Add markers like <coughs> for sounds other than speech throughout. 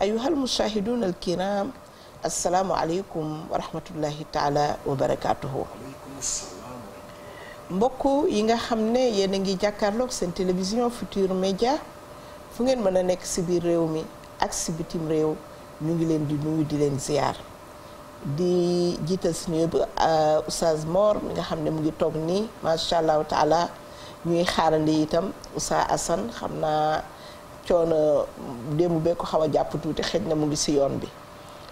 ayuhal mushahidun al kiram assalaamu aleykum wa rahmatullahi wa barakatuhu mbokk yi nga xam ne yéen a ngi jàkkaarloog seen télévision Futur Média fu ngeen mën a nekk si biir réew mi ak si bitim réew ñu ngi leen di nu di leen ziar di jiital suñu euh, yëpp Oustaz Mor mi nga xam ne mu ngi toog nii macha allahu taala ñuy xaarandi itam Oustaz Assane xam naa. coono démb xaw a jàpp tuuti xëj na mu ngi si yoon bi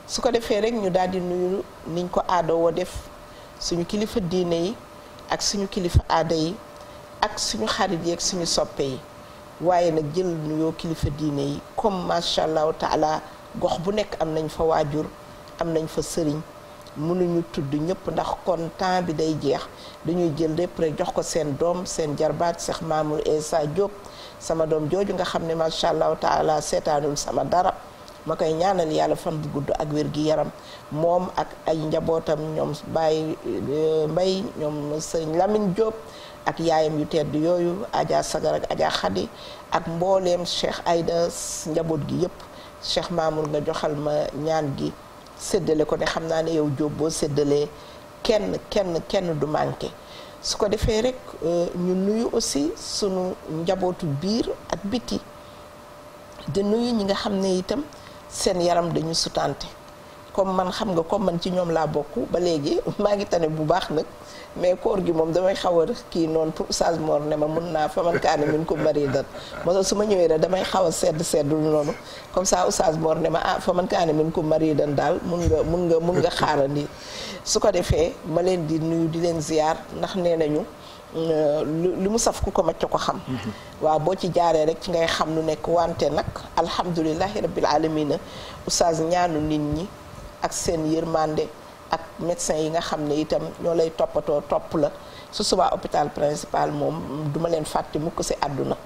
su ko defee rek ñu daal di nuyu niñ ko aada def suñu kilifa diine ak suñu kilifa aada yi ak suñu xarit yi suñu soppe yi waaye nag jël nuyoo kilifa diine comme macha allah taala gox bu nekk am nañ fa waajur am nañ fa sëriñ mënuñu tudd ñëpp ndax kon temps bi day jeex dañuy jël lépp rek jox ko seen doom seen jarbaat Cheikh Mamour Essa Diop sama doom jooju nga xam ne macha allahu taala seetaanul sama dara ma koy ñaanal yàlla fan bu gudd ak wér gi yaram moom ak ay njabootam ñoom Baye eh, Mbaye ñoom sëñ Lamine Diop ak yaayam yu tedd yooyu Adja Sagar ak Adja Khadi ak mbooleem Cheikh Aïda njaboot gi yëpp Cheikh Mamour nga joxal ma ñaan gi séddale ko ne xam naa ne yow jóob boo séddalee kenn kenn kenn du manqué. su ko defee rek euh, ñu nuyu aussi sunu njabootu biir ak biti di nuyu ñi nga xam ne itam seen yaram dañu sutante comme man xam nga comme man ci ñoom laa bokk ba léegi <laughs> maa ngi tane bu baax nag mais koor gi moom damay xaw a kii noonu pour Oustaz Mor ne ma mun naa faman kaani min ko mari dat moo su ma ñëwee rek damay xaw a sedd sedd lu noonu comme ça Oustaz Mor ne ma ah faman kaani min ko mari dan daal mun nga mun nga mun nga xaarandi su ko defee ma leen di nuyu di leen ziyaar ndax nee nañu euh, li mu saf ku ko macc ko xam waaw boo ci jaaree rek ci ngay xam lu nekk wante nag alhamdulilahi rabbil alamina Oustaz ñaanu nit ñi ak seen yërmande ak médecin yi nga xam ne itam ñoo lay toppatoo topp la su subaa hôpital principal moom duma leen fàtte mukk si àdduna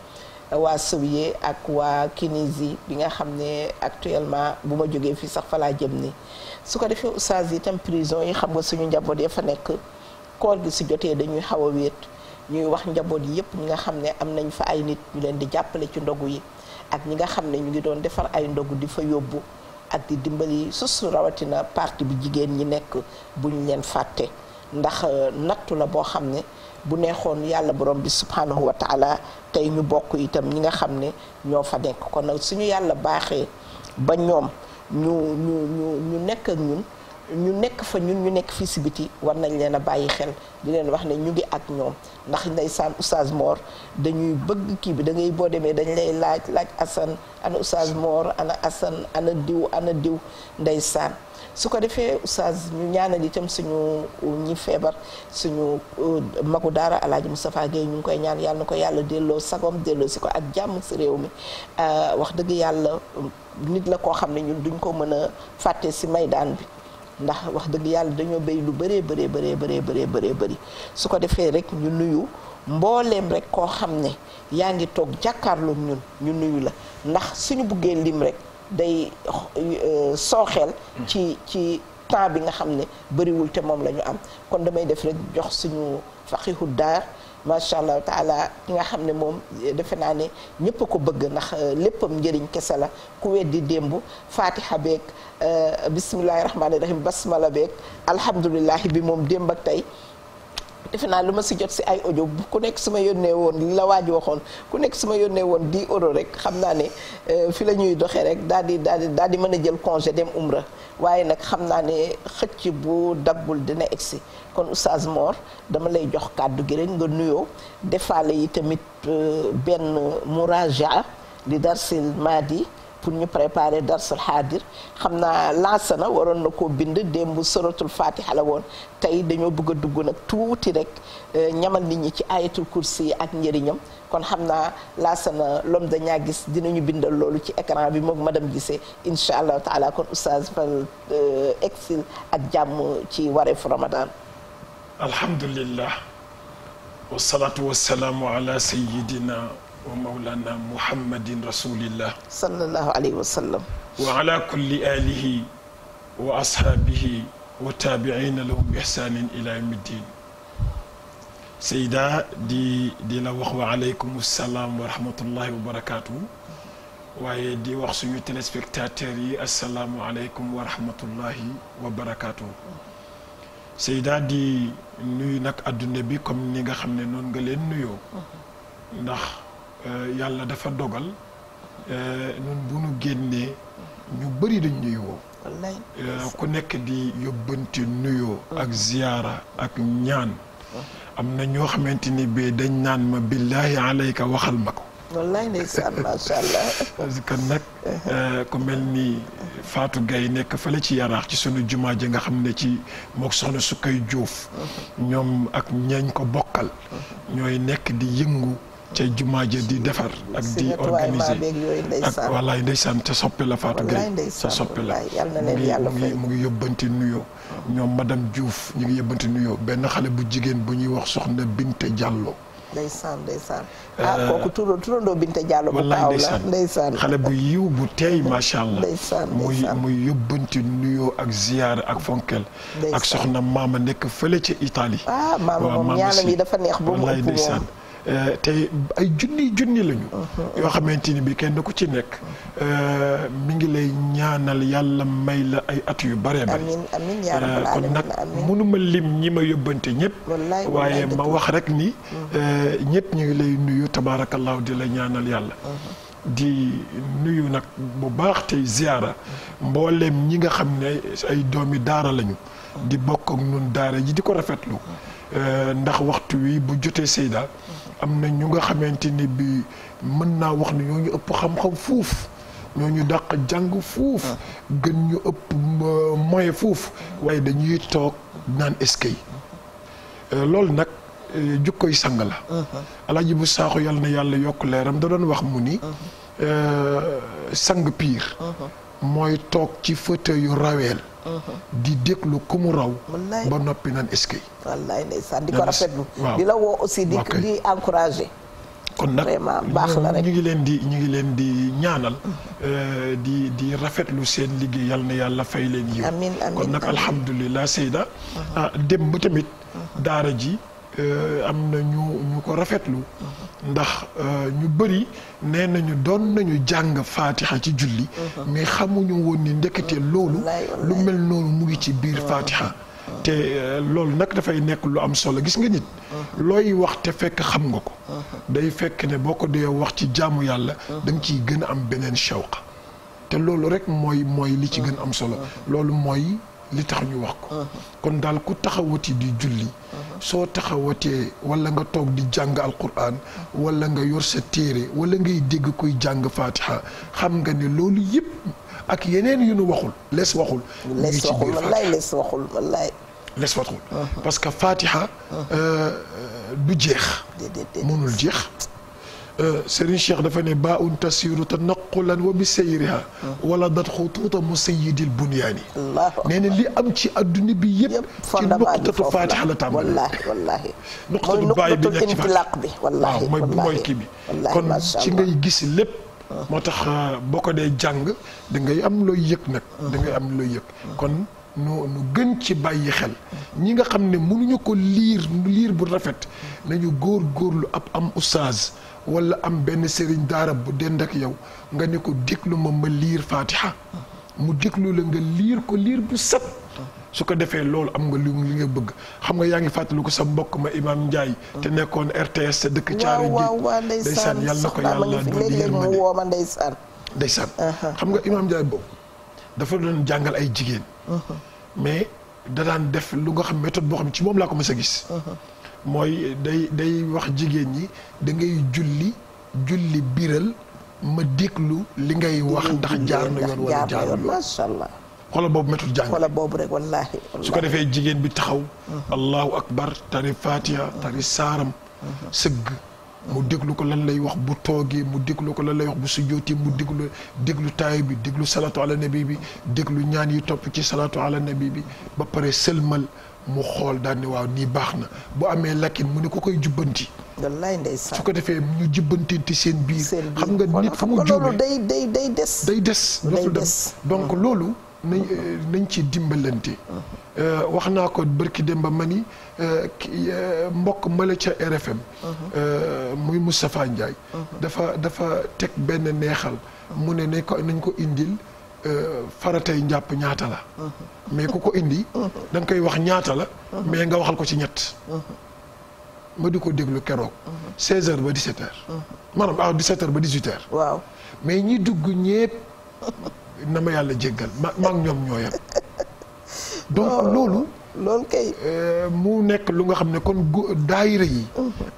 waa Sowier ak waa Kinésie bi nga xam ne actuellement bu ma jógee fii sax fa jëm ni su ko defee oustaz itam prison yi xam nga suñu njaboot ya fa nekk koor gi si jotee dañuy xaw a wéet ñuy wax njaboot yi yëpp ñi nga xam ne am nañ fa ay nit ñu leen di jàppale ci ndogu yi ak ñi nga xam ne ñu ngi doon defar ay ndogu di fa yóbbu ak di dimbali susu rawatina parti bi jigéen ñi nekk bu buñ leen fàtte ndax euh, nattu la boo xam ne bu neexoon yàlla borom bi subhanahu tey ñu bokk itam ñi nga xam ne ñoo fa nekk kon nag suñu yàlla baaxee ba ñoom ñu ñu ñu ñu nekk ak ñun ñu nekk fa ñun ñu nekk fii si biti war nañ leen a bàyyi xel di leen wax ne ñu ngi ak ñoom ndax ndeysaan oustaz Mor dañuy bëgg kii bi dangay boo demee dañ lay laaj laaj Assane ana oustaz Mor diw Assane ana diw ana saan su ko defee oustaz ñu ñaanal itam suñu ñi feebar suñu magu daara alaaji Moustapha Gueye ñu ngi koy ñaan yàlla na ko yàlla delloo sagom delloo si ko ak jàmm si réew mi euh, wax dëgg yàlla nit la koo xam ne ñun duñ ko mën a fàtte si maydaan bi ndax wax dëgg yàlla dañoo bay lu bëree bëree bëree bëree bëree bëree bëri su ko defee rek ñu nuyu mbooleem rek koo xam ne yaa ngi toog jàkkaarloog ñun ñu nuyu la ndax suñu buggee lim rek day euh, sooxeel ci ci temps bi nga xam ne bëriwul te moom la ñu am kon damay def rek jox suñu faqihu daar macha allah taala ki nga xam ne moom defe naa ne ñëpp ko bëgg ndax euh, léppam njëriñ kese la ku weddi démb fatiha beeg euh, bismillahi rahmaani rahim la beeg alhamdulilahi bi moom démb tey defe naa lu ma si jot si ay ojo ku nekk su ma yónnee woon li la waaj waxoon ku nekk su ma yónnee woon di euros rek xam naa ne euh, fi la ñuy doxee rek daal di daal di daal di mën a jël congé dem umra waaye nag xam naa ne xëcc bu dabbul dina egsi kon Oustaz Mor dama lay jox kàddu gi rek nga nuyoo defaale yi tamit euh, benn muraja li darsil maadi pour ñu préparer darsul xaadir xam naa laasana waroon na koo bind démb soratul fatiha la woon tey dañoo bëgg a dugg nag tuuti rek euh, ñamal nit ñi ci ayatul kursi yi ak njëriñam kon xam naa laasana lom dañaa gis dinañu bindal loolu ci écran bi moom dem gisee incha allahu taala kon oustaz fal euh, exil ak jàmm ci wareefu ramadan alhamdulillah wasalaatu wasalaamu ala sayidina wa maulana muhammadin rasulillah sallallahu alayhi wa sallam wa ala kulli alihi wa ashaabihi wa taabiina lahum bi ihsaanin ila yawmi ddin Seyda di di la wax wa aleykum salaam wa rahmatullahi wa barakaatu waaye di wax suñu téléspectateurs yi asalaamualeykum wa rahmatullahi wa barakaatu. Seyda di nuyu nag adduna bi comme ni nga xam ne noonu nga leen nuyoo mhm. ndax euh, yàlla dafa dogal euh, nun bu nu génnee ñu bëri dañ ñuy woo euh, ku nekk di yóbbanti nuyoo mhm. ak ziyaara ak ñaan mhm. am na ñoo xamante ni bii dañ naan ma billaahi alayka waxal ma ko wallaay ndeysaan macha allah. kon nag euh, ku mel ni Fatou Gaye nekk fële ci yaraax ci sunu jumaa ji nga xam ne ci mook soxna Sukay Diouf. ñoom ak ñañ ko bokkal. ñooy nekk di yëngu. ca jumaa ji di defar ak di organiser ak wallaay ndeysaan ca soppe la Fatou Gueye ca soppe la mu ngi mu ngi nuyoo ñoom madame Diouf ñu ngi yóbbante nuyoo benn xale bu jigéen bu ñuy wax soxna bint Diallo ndeysaan ndeysaan euh, ah kooku tur turandoo Binta Diallo bu taaw la ndeysaan xale bu yiw bu teey macha allah ndeysaan muy muy yóbbanti nuyoo ak ziyaar ak fonkel ak soxna maama nekk fële ca Italie ah maama moom ñaanam yi dafa neex ba mu ëpp moom Euh, te ay junni junni lañu. Uh-huh. yoo xamante ni bi kenn ku ci nekk. Euh, mu ngi lay ñaanal yàlla may la ay at yu bare bare euh, kon nag mënuma lim ñi ma yóbbante ñëpp. waaye ma wax rek ni. Mm-hmm. ñëpp ñu ngi lay nuyu tabaarakallaahu di la ñaanal yàlla. Uh-huh. di nuyu nag bu baax tey ziyaara mm-hmm. mbooleem ñi nga xam ne ay doomi daara lañu. Mm-hmm. di bokk ak nun daara ji di ko rafetlu. ndax waxtu wi bu jotee Seyda. am na ñu nga xamante ni bi mën naa wax ne ñooñu ëpp xam-xam fuuf ñooñu dàq jàng fuuf ah. gën ñu ëpp euh, moyen fuuf waaye dañuy toog naan eskay euh, loolu nag euh, jukkoy sang la uh-huh. alaaji bu saaxu yàlla na yàlla yokk leeram da doon wax mu ni uh-huh. sang piir uh-huh. mooy toog ci fauteuil yu raweel di déglu ku mu raw. ba noppi naan est-ce que. wallaay ndeysaan di ko rafetlu. di la woo aussi di encourager. kon nag vraiment baax la rek ñu ngi leen di ñu ngi leen di ñaanal. Euh, di di rafetlu seen liggéey yal na yàlla fay leen yiw. kon nag alhamdulilah Seyda. Uh-huh. ah ba tamit. Uh-huh. daara ji euh, am na ñu ñu ko rafetlu. Uh-huh. ndax euh, ñu bëri nee nañu doon nañu jàng faatiha ci julli mhm. mais xamuñu woon ni ndekete loolu lu mel noonu mu ngi ci biir mhm. faatiha mhm. te euh, loolu nag dafay nekk lu am solo gis nga nit looy wax te fekk xam nga ko day fekk ne boo ko dee wax ci jaamu yàlla da ciy gën a am beneen shawqa te loolu rek mooy mooy li ci gën am solo loolu mooy li tax ñu wax ko uh-huh. kon daal ku taxawati di julli uh-huh. soo taxawatee wala nga toog di jàng alquran wala nga yor sa téere wala ngay dégg koy jàng fatiha xam nga ne loolu yëpp ak yeneen yu nu waxul les waxul les waxul wallaay les uh-huh. parce que fatiha euh, du jeex mënul jeex Euh, Serigne Cheikh dafa ne ba un tasiru te naqulan wa bi sayriha ah. wala dat xutuuta musayidil bunyaani nee na li am ci àdduna bi yëpp ci nuqtatu fatiha la tàmbali wallaahi wallaahi nuqtatu baay bi nekk ci laq bi wallaahi mooy mooy kii bi kon ci ngay gis lépp ah. moo tax euh, boo ko dee jàng da am looy yëg nag ah. da am looy yëg kon nu gën ci bàyyi xel ñi nga xam ne mënuñu ko liir liir bu rafet nañu góor góor lu ab am oustaz wala am benn sëriñ daara bu dend ak yow nga ne ko déglu ma ma liir faatiha mu déglu la nga liir ko liir bu set su ko defee loolu am nga li li nga bëgg xam nga yaa ngi fàttaliku sa mbokk ma Imam Ndiaye. te nekkoon RTS te dëkk Thiaré waaw waaw ndeysaan yàlla na ko yàlla doon yërmande wooma ndeysaan. ndeysaan uh-huh. xam nga Imam Ndiaye boobu dafa doon jàngal ay jigéen. Uh-huh. mais da daan def lu nga xam méthode boo xam ci moom laa ko mës sa gis. Uh-huh. mooy day day wax jigéen ñi da ngay julli julli biral ma déglu li ngay wax ndax jaar na yoon wala jaar na yoon macha allah xoolal boobu métul jàng xoolal su ko defee jigéen bi taxaw mm-hmm. allahu akbar tari fatiha mm-hmm. tari saaram mm-hmm. sëgg mu déglu ko lan lay wax bu toogee mu déglu ko lan lay wax bu sujjootee mu déglu déglu taay bi déglu salatu ala nabi bi déglu ñaan yi topp ci salatu ala nabi bi ba pare sëlmal mu xool daal waaw nii baax na bu amee lakkin mu ne ko koy jubbanti. wallaay ndeysaan su ko defee ñu jubbantante seen biir. xam nga nit fu mu juumee day day day des. day des dootul dem donc hmm. loolu. nañ euh, nañ ci dimbalante. Euh, wax naa ko barki Demba Mani euh, mbokk mala ca RFM. Hmm. muy Moustapha Ndiaye. Hmm. dafa dafa teg benn neexal. mu ne nañ ko nañ ko indil. Euh, faratay njàpp ñaata la mais ku ko indi da nga koy wax ñaata la mais nga waxal ko ci ñett ma di ko déglu keroog 16 heures ba 17 heures maanaam ah 17 heures ba 18 heures waaw mais ñi dugg ñépp na ma yàlla jéggal ma maak ñoom ñoo yem donc oh, loolu loolu kay. Euh, mu nekk lu nga xam ne kon daayira yi.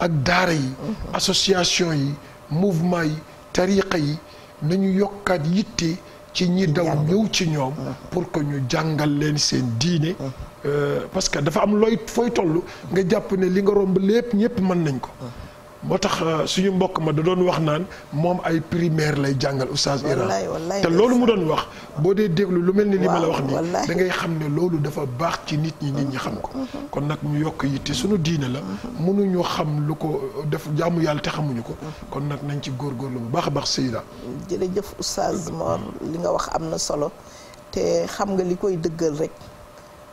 ak daara yi. association yi mouvement yi tariqa yi nañu yokkaat yitte. ci ñi daw ñëw ci ñoom mm. pour que ñu jàngal leen seen diine mm. euh, parce que dafa am looy fooy toll nga jàpp ne li nga romb lépp ñëpp mën nañ ko mm. moo tax euh, suñu mbokk ma da doon wax naan moom ay primaire lay jàngal oustaz Iran te loolu mu doon wax boo dee déglu lu mel ni li ma la wax nii da ngay xam ne loolu dafa baax ci nit ñi nit ñi xam ko mm-hmm. Mm-hmm. kon nag mu yokk yitte suñu diine la mm-hmm. mënuñu xam lu ko euh, def jaamu yàlla te xamuñu ko kon nag nañ ci góorgóorlu bu baax a baax Seyda jërëjëf oustaz Mor li nga wax am na solo te xam nga li koy dëggal rek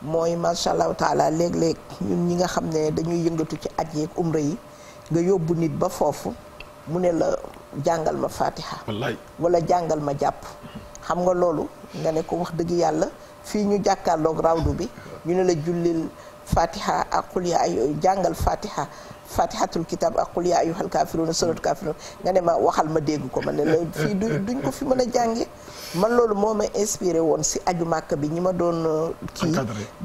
mooy macha allah taala léeg-léeg ñun ñi nga xam ne dañuy yëngatu ci aj yeeg umra yi nga yóbbu nit ba foofu mu ne la jàngal ma fatiha wala jàngal ma jàpp xam nga loolu nga ne ko wax dëgg yàlla fii ñu jàkkaarloog rawdu bi ñu ne la jullil fatiha ak xul ay jàngal fatiha fatihatul kitab ak qul yaa ayyuhal kaafiruuna suratul kaafiruun nga ne ma waxal ma dégg ko ma ne la fii du duñ ko fi mën a jànge man loolu moo ma inspiré woon si aju màkk bi ñi ma doon uh, kii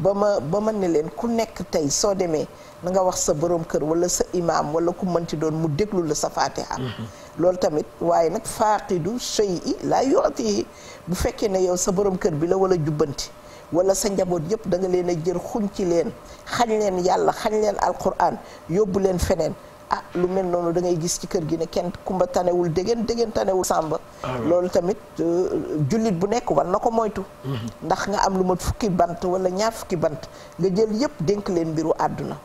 ba ma ba ma ne leen ku nekk tey soo demee na nga wax sa borom kër wala sa imaam wala ku mënti doon mu déglu la sa fatiha mhm. loolu tamit waaye nag faaqidu shay'i laa yu'tihi bu fekkee ne yow sa borom kër bi la wala jubbanti wala sa njaboot yëpp da nga leen a jël xuñ ci leen xañ leen yàlla xañ leen alquran yóbbu leen feneen ah lu mel noonu da ngay gis ci kër gi ne kenn kumba tanewul dégeen dégeen tanewul sàmba ah loolu tamit euh, jullit bu nekk war na ko moytu mhm. ndax nga am lu mat fukki bant wala ñaar fukki bant nga jël yëpp dénk leen mbiru àdduna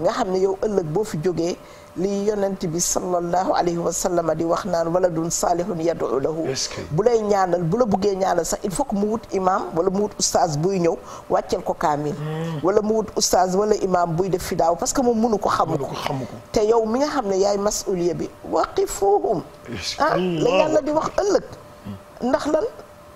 nga xam ne yow ëllëg boo fi jógee li yonent bi sallallahu alayhi wa sallam di wax naan waladun saalihun yad'u lahu bu lay ñaanal bu la buggee ñaanal sax il faut que mu wut imam wala mu wut oustaz buy ñëw wàcceel ko kaamil hmm. wala mu wut oustaz wala imam buy def fidaaw parce que moom munu ko xamu te yow mi nga xam ne yaay masuliya bi waqifuhum ah la yàlla di wax ëllëg hmm. ndax lan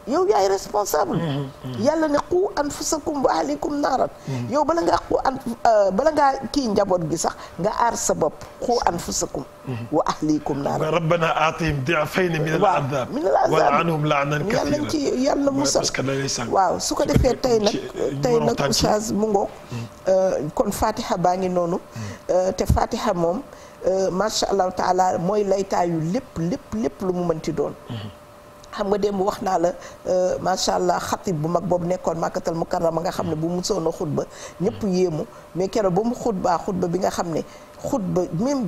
yow yaay responsable. Mm-hmm, mm-hmm. yàlla ne qu anfusakum wa ahlikum naaran. Mm-hmm. yow bala ngaa qu an euh, bala kii njaboot gi sax nga aar sa bopp qu anfusakum. wa ahlikum naaran. rabbana aatihim di'fayni min al-'adhaab wa la'anhum la'nan kathiiran yàlla ci yàlla musal waaw su ko defee tey nag tey nag oustaz euh, kon Fatiha baa ngi noonu. Euh, te Fatiha moom macha allah taala mooy laytaayu lépp lépp lépp lu mu mënti doon. xam nga démb wax naa la euh, macha allah xatib bu mag boobu nekkoon màkkatal mukarrama nga xam ne bu musoon a xutba ñëpp yéemu mais keroog ba mu xutbaa xutba bi nga xam ne xutba même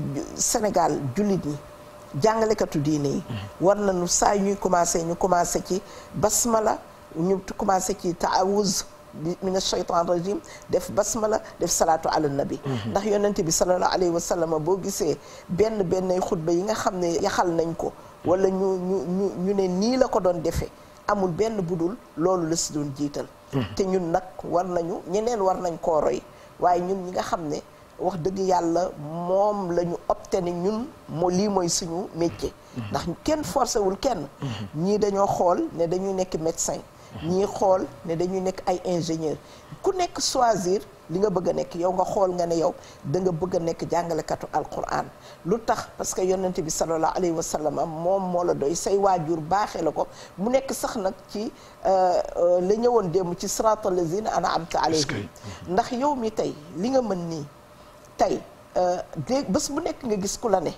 Sénégal jullit ñi jàngalekatu diine yi war nañu saa ñuy commencé ñu commencé ci la ñu commencé ci taawuz min ashaytan rajim def la def salaatu ala nabi ndax yonente bi sallallahu alayhi wa sallam boo gisee benn benn xutba yi nga xam ne yaxal nañ ko wala ñu ñu ñu ñu ne nii la ko doon defee amul benn budul loolu la si doon jiital hmm. te ñun nag war nañu ñeneen war nañ koo roy waaye ñun ñi nga xam ne wax dëgg yàlla moom la ñu opté ñun moo lii mooy suñu métier hmm. ndax kenn forcé wul kenn hmm. ñii dañoo xool ne dañuy nekk médecin ñii xool ne dañuy nekk ay ingénieur ku nekk choisir li nga bëgg a nekk yow nga xool nga ne yow da nga bëgg a nekk jàngalekatu alquran lu tax parce que yonent bi sallallahu alayhi wa sallam moom moo la doy say waajur baaxee la ko mu nekk sax nag ci euh, euh, la ñëwoon démb ci siraatal am an'amta alayhim ndax yow mi tey li nga mën nii tey euh, dégg bés bu nekk nga gis ku la ne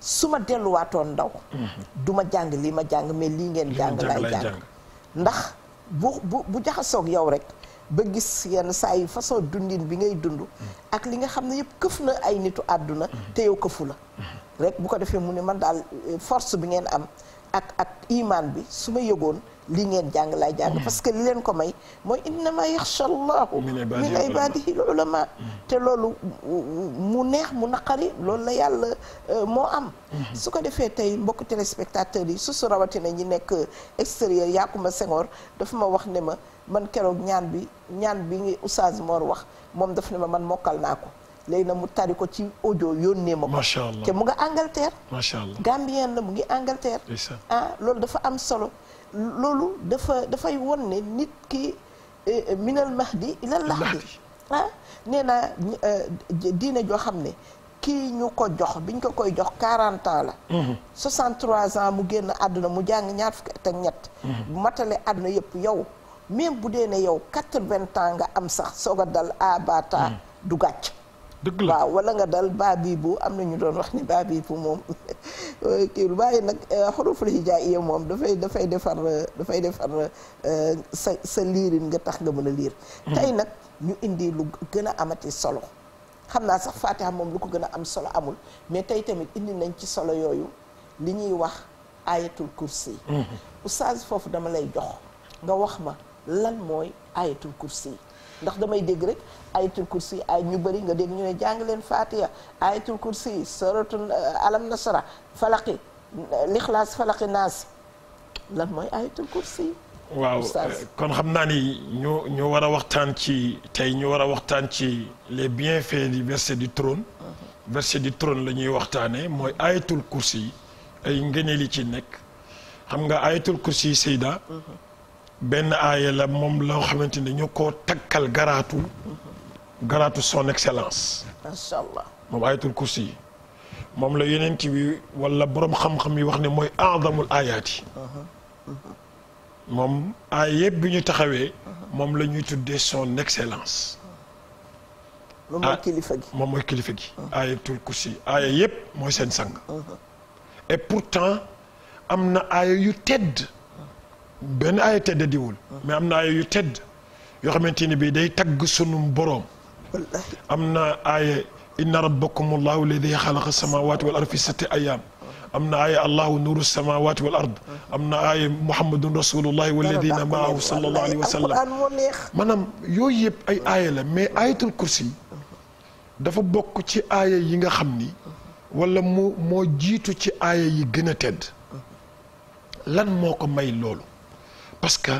su ma delluwaatoon ndaw duma jàng lii ma jàng mais lii ngeen jàng laay jàng ndax bu bu bu jaxasoog yow rek ba gis yenn saa yu façon dundin bi ngay dund ak li nga xam ne yëpp këf na ay nitu àdduna te yow këfu la rek bu ko defee mu ne man daal eh, force bi ngeen am ak ak imaan bi su ma yëgoon li ngeen jàng laay jàng mm-hmm. parce que li leen ko may mooy innama yaxsha allahu min ibadihi l ulama mm-hmm. te loolu mu neex mu naqari loolu la yàlla euh, moo am mm-hmm. su ko defee tey mbokk téléspectateurs yi su su rawatina ñi nekk extérieur Yacouma Senghor dafa ma wax ne ma man keroog ñaan bi ñaan bi ngi Oustaz Mor wax moom daf ne ma man mokkal naa ko léegi nag mu tari ko ci audio yónnee ma ko. macha mu nga Angleterre. macha allah Gambien la mu ngi Angleterre. ah loolu dafa am solo. loolu dafa dafay won ne nit ki eh, eh, minal mahdi ilal lahdi ah nee naa eh, diine joo xam ne kii ñu ko jox biñ ko koy jox 40 ans la. 63 mhm. ans mu génn àdduna mu jàng ñaar fukki at ak ñett. Mhm. matale àdduna yëpp yow. même bu dee ne yow quatre vingt ans nga am sax soog a dal abata hmm. du gàcc dëgg waaw wala nga dal baabi bu am na ñu doon wax ni baabi bu moom <laughs> kii lu bàyyi nag eh, xuruful hijaaiya moom dafay dafay defar dafay defar eh, sa sa liirin nga tax nga mën a liir hmm. tey nag ñu indi lu gën a amati solo xam naa sax Fatiha moom lu ko gën a am solo amul mais tey tamit indi nañ ci solo yooyu li ñuy wax ayatul kursi. Hmm. oustaz foofu dama lay jox nga wax ma lan mooy ayatul kursi ndax damay dégg rek ayatul kursi ay ñu bëri nga dégg ñu ne jàng leen fatiha ayatul kursi suratul euh, alam nasara falaqi lixlaas falaqi naas lan mooy ayatul kursi waaw euh, kon xam naa ni ñu ñu war a waxtaan ci tey ñu war a waxtaan ci les bienfaits du verset du trône uh-huh. verset du trône la ñuy waxtaanee mooy ayatul kursi ay ngëneel yi ci nekk xam nga ayatul kursi sayda uh-huh. benn aaya la moom loo xamante ni ñu ko takkal garaatu garaatu son excellence macha allah moom ayatul kursi yi moom la yenent bi walla boroom xam-xam yi wax ne mooy aadamul aayaat yi moom aaya yëpp bi ñu taxawee moom la ñuy tuddee son excellence moom mooy ah, kilifa gi moom mooy kilifa gi ayatul kursi aaya yëpp mooy seen sang uh-huh. et pourtant am na aaya yu tedd benn aaya tedd diwul mais am na aaya yu tedd yoo xamante ni bii day tag sunum borom am na aaya inna rabbakum allahu alladi xalaqa samawati wal ard fi sittati ayam am na aaya allahu nuru samawati wal ard am na aaya muhammadun rasulullahi walladina maahu sallallahu alayhi wa sallam yooyu yëpp ay aaya la mais ayatul kursi dafa bokk ci aaya yi nga xam ni walla mu moo jiitu ci aaya yi gën a tedd lan moo ko may loolu parce que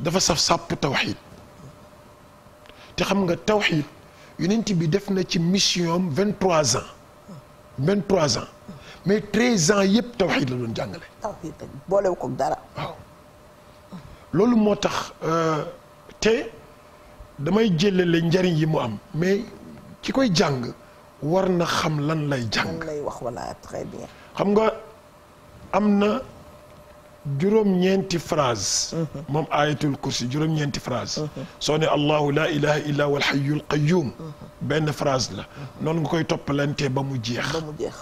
dafa saf sàpp tawxid te xam nga tawxid yonent bi def na ci mission am vingt trois ans vingt trois ans mais treize ans yëpp tawxid la doon jàngale. tawxid boolewu ko dara. loolu moo tax euh, te damay jëlale njariñ yi mu am mais ki koy jàng war na xam lan lay jàng. lay wax wala très bien. xam nga am na. juróom-ñeenti phrase. moom ayatul kursi juróom-ñeenti phrase. soo ne Allahu laa ilaha illa wal hayyul qayyum. benn la. noonu nga koy toppalantee ba mu jeex. ba mu jeex.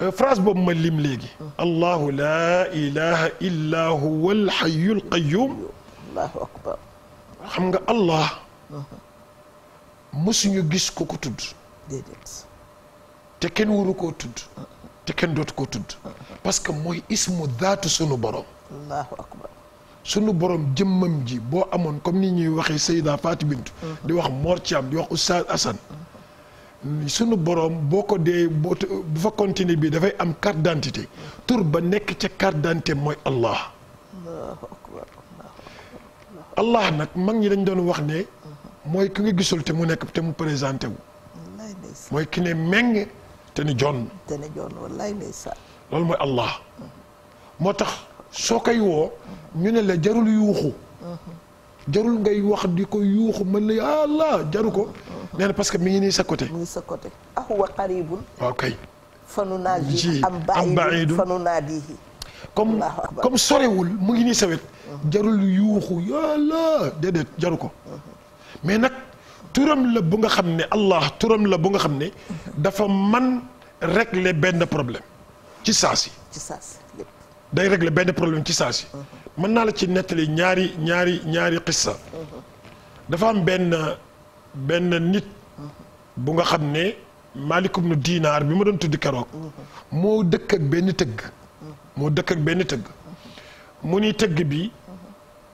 Euh, phrase boobu ma lim léegi. Allahu laa ilaha illa huwal hayyul akbar. xam nga Allah. mësuñu gis ko ko tudd. te kenn waru koo tudd. te kenn dootu ko tudd parce que mooy ismu daatu sunu borom sunu borom jëmmam ji boo amoon comme ni ñuy waxee Seyda Fatou Bintou di wax Mor Thiam di wax Oustaz Assane sunu borom boo ko dee boo bu fa continuer bi dafay am carte d'identité tur ba nekk ca carte d'identité mooy Allah Allah nag mag ñi dañ doon wax ne mooy ki nga gisul te mu nekk te mu présenté wu mooy ki ne meng te ni jon te ni loolu mooy allah moo tax soo koy woo ñu ne la jarul yuuxu jarul ngay wax di ko yuuxu mën la ah, allah jaru ko nee parce que mi ngi nii sa côté mi ngi sa côté ahuwa ah, am baidun fanu naa diihi comme comme sorewul mu ngi nii sa wet jarul yuuxu yàlla déedéet jaru ko uhuh. mais nag turam la bu nga xam ne allah turam la bu nga xam ne dafa man regle benn problème ci saa si ci day régler benn problème ci saa si mhm. mën naa la ci nettali ñaari ñaari ñaari xissa mhm. dafa am benn benn nit mhm. bu nga xam ne maalikum nu diinaar bi ma doon tuddi keroog moo dëkk ak benn tëgg moo dëkk ak benn tëgg mu ni tëgg bi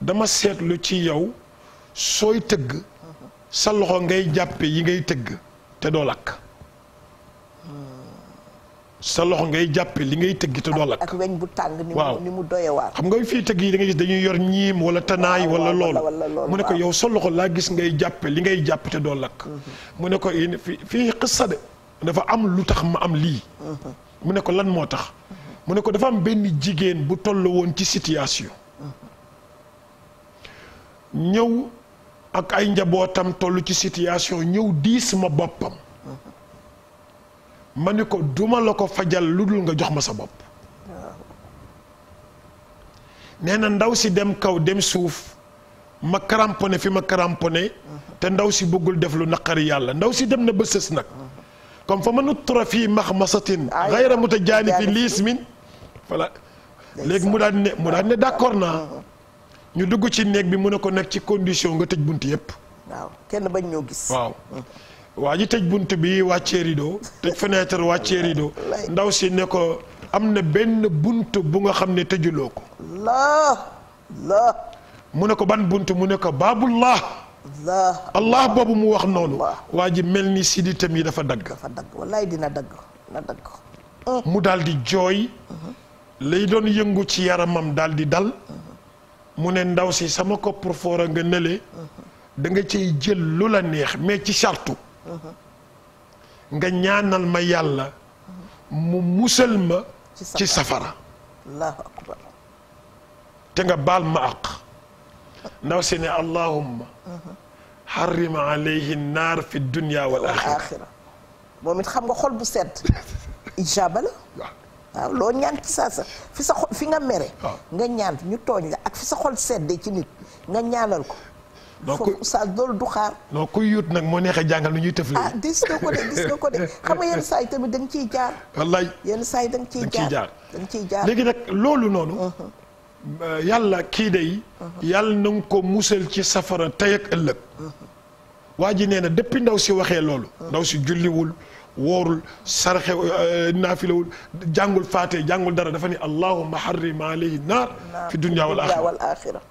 dama seetlu ci yow sooy tëgg sa loxo ngay jàppe yi ngay tëgg te doo lakk sa loxo ngay jàppe li ngay tëgg te doo lakk ak bu tàng ni mu ni mu doye waar xam nga fii tëgg yi da gis dañuy yor ñiim wala tanaay wala loolu mu ne ko yow sa loxo laa gis ngay jàppe li ngay jàppe te doo lakk mhm. mu ne ko fii xissa de dafa am lu tax ma am lii mhm. mu ne ko lan moo tax mhm. mu ne ko dafa am benn jigéen bu toll woon ci situation ñëw ak ay njabootam tollu ci situation ñëw diis ma boppam ma ni ko duma la ko fajal lu dul nga jox ma sa bopp nee na ndaw si dem kaw dem suuf ma cramponné fi ma cramponné te ndaw si bëggul def lu naqari yàlla ndaw si dem na ba sës nag comme fa ma nu tura fii max sa tin muta jaani fi liis min voilà léegi mu daan ne mu daan ne d'accord naa uh-huh. ñu dugg ci néeg bi mu ne ko nekk ci condition nga tëj bunt yépp waaw kenn bañ ñoo gis waaw waa ji tëj bunt bi wàccee rideau tëj fenêtre wàccee rideau ndaw si ne ko am na benn bunt bu nga xam ne tëjuloo ko laa laa mu ne ko ban bunt mu ne ko baabullah allah boobu mu wax noonu waa ji mel ni siditam yi dafa dagg dafa dagg wallaay dina dagg na dagg mu daal di jooy mm-hmm. lay doon yëngu ci yaramam daal di dal mm-hmm. mu ne ndaw si sama koppar foora nga nële da nga jël lu la neex mais ci sartu nga ñaanal ma yàlla mu musal ma ci safara allahu te nga baal ma àq ndaw si ne allahumma xarrim alayhi naar fi dunya wal axira moom it xam nga xol bu sedd <laughs> ijaaba waaw loo ñaan ci saa fi sa xol fi nga mere. Ah. nga ñaan ñu tooñ la ak fi sa xol sedd ci nit nga ñaanal ko. donc foofu saa loolu du xaar. noo kuy yuut nag moo neexee jàngal nu ñuy tëfli. ah gis nga ko de ko de <laughs> xam yenn saa yi danga da ciy jaar. wallaay yenn saa yi da nga ciy jaar da nga ciy jaar léegi nag loolu noonu. Uh-huh. Euh, yàlla kii day uh-huh. yàlla na nga ko musal ci safara tey ak ëllëg. Uh-huh. waa ji nee na depuis ndaw si waxee loolu. ndaw si julliwul. woorul sarxe euh, naafilawul jàngul faate jàngul dara dafa ni allahumma harrim alayhi naar fi dunya wal axira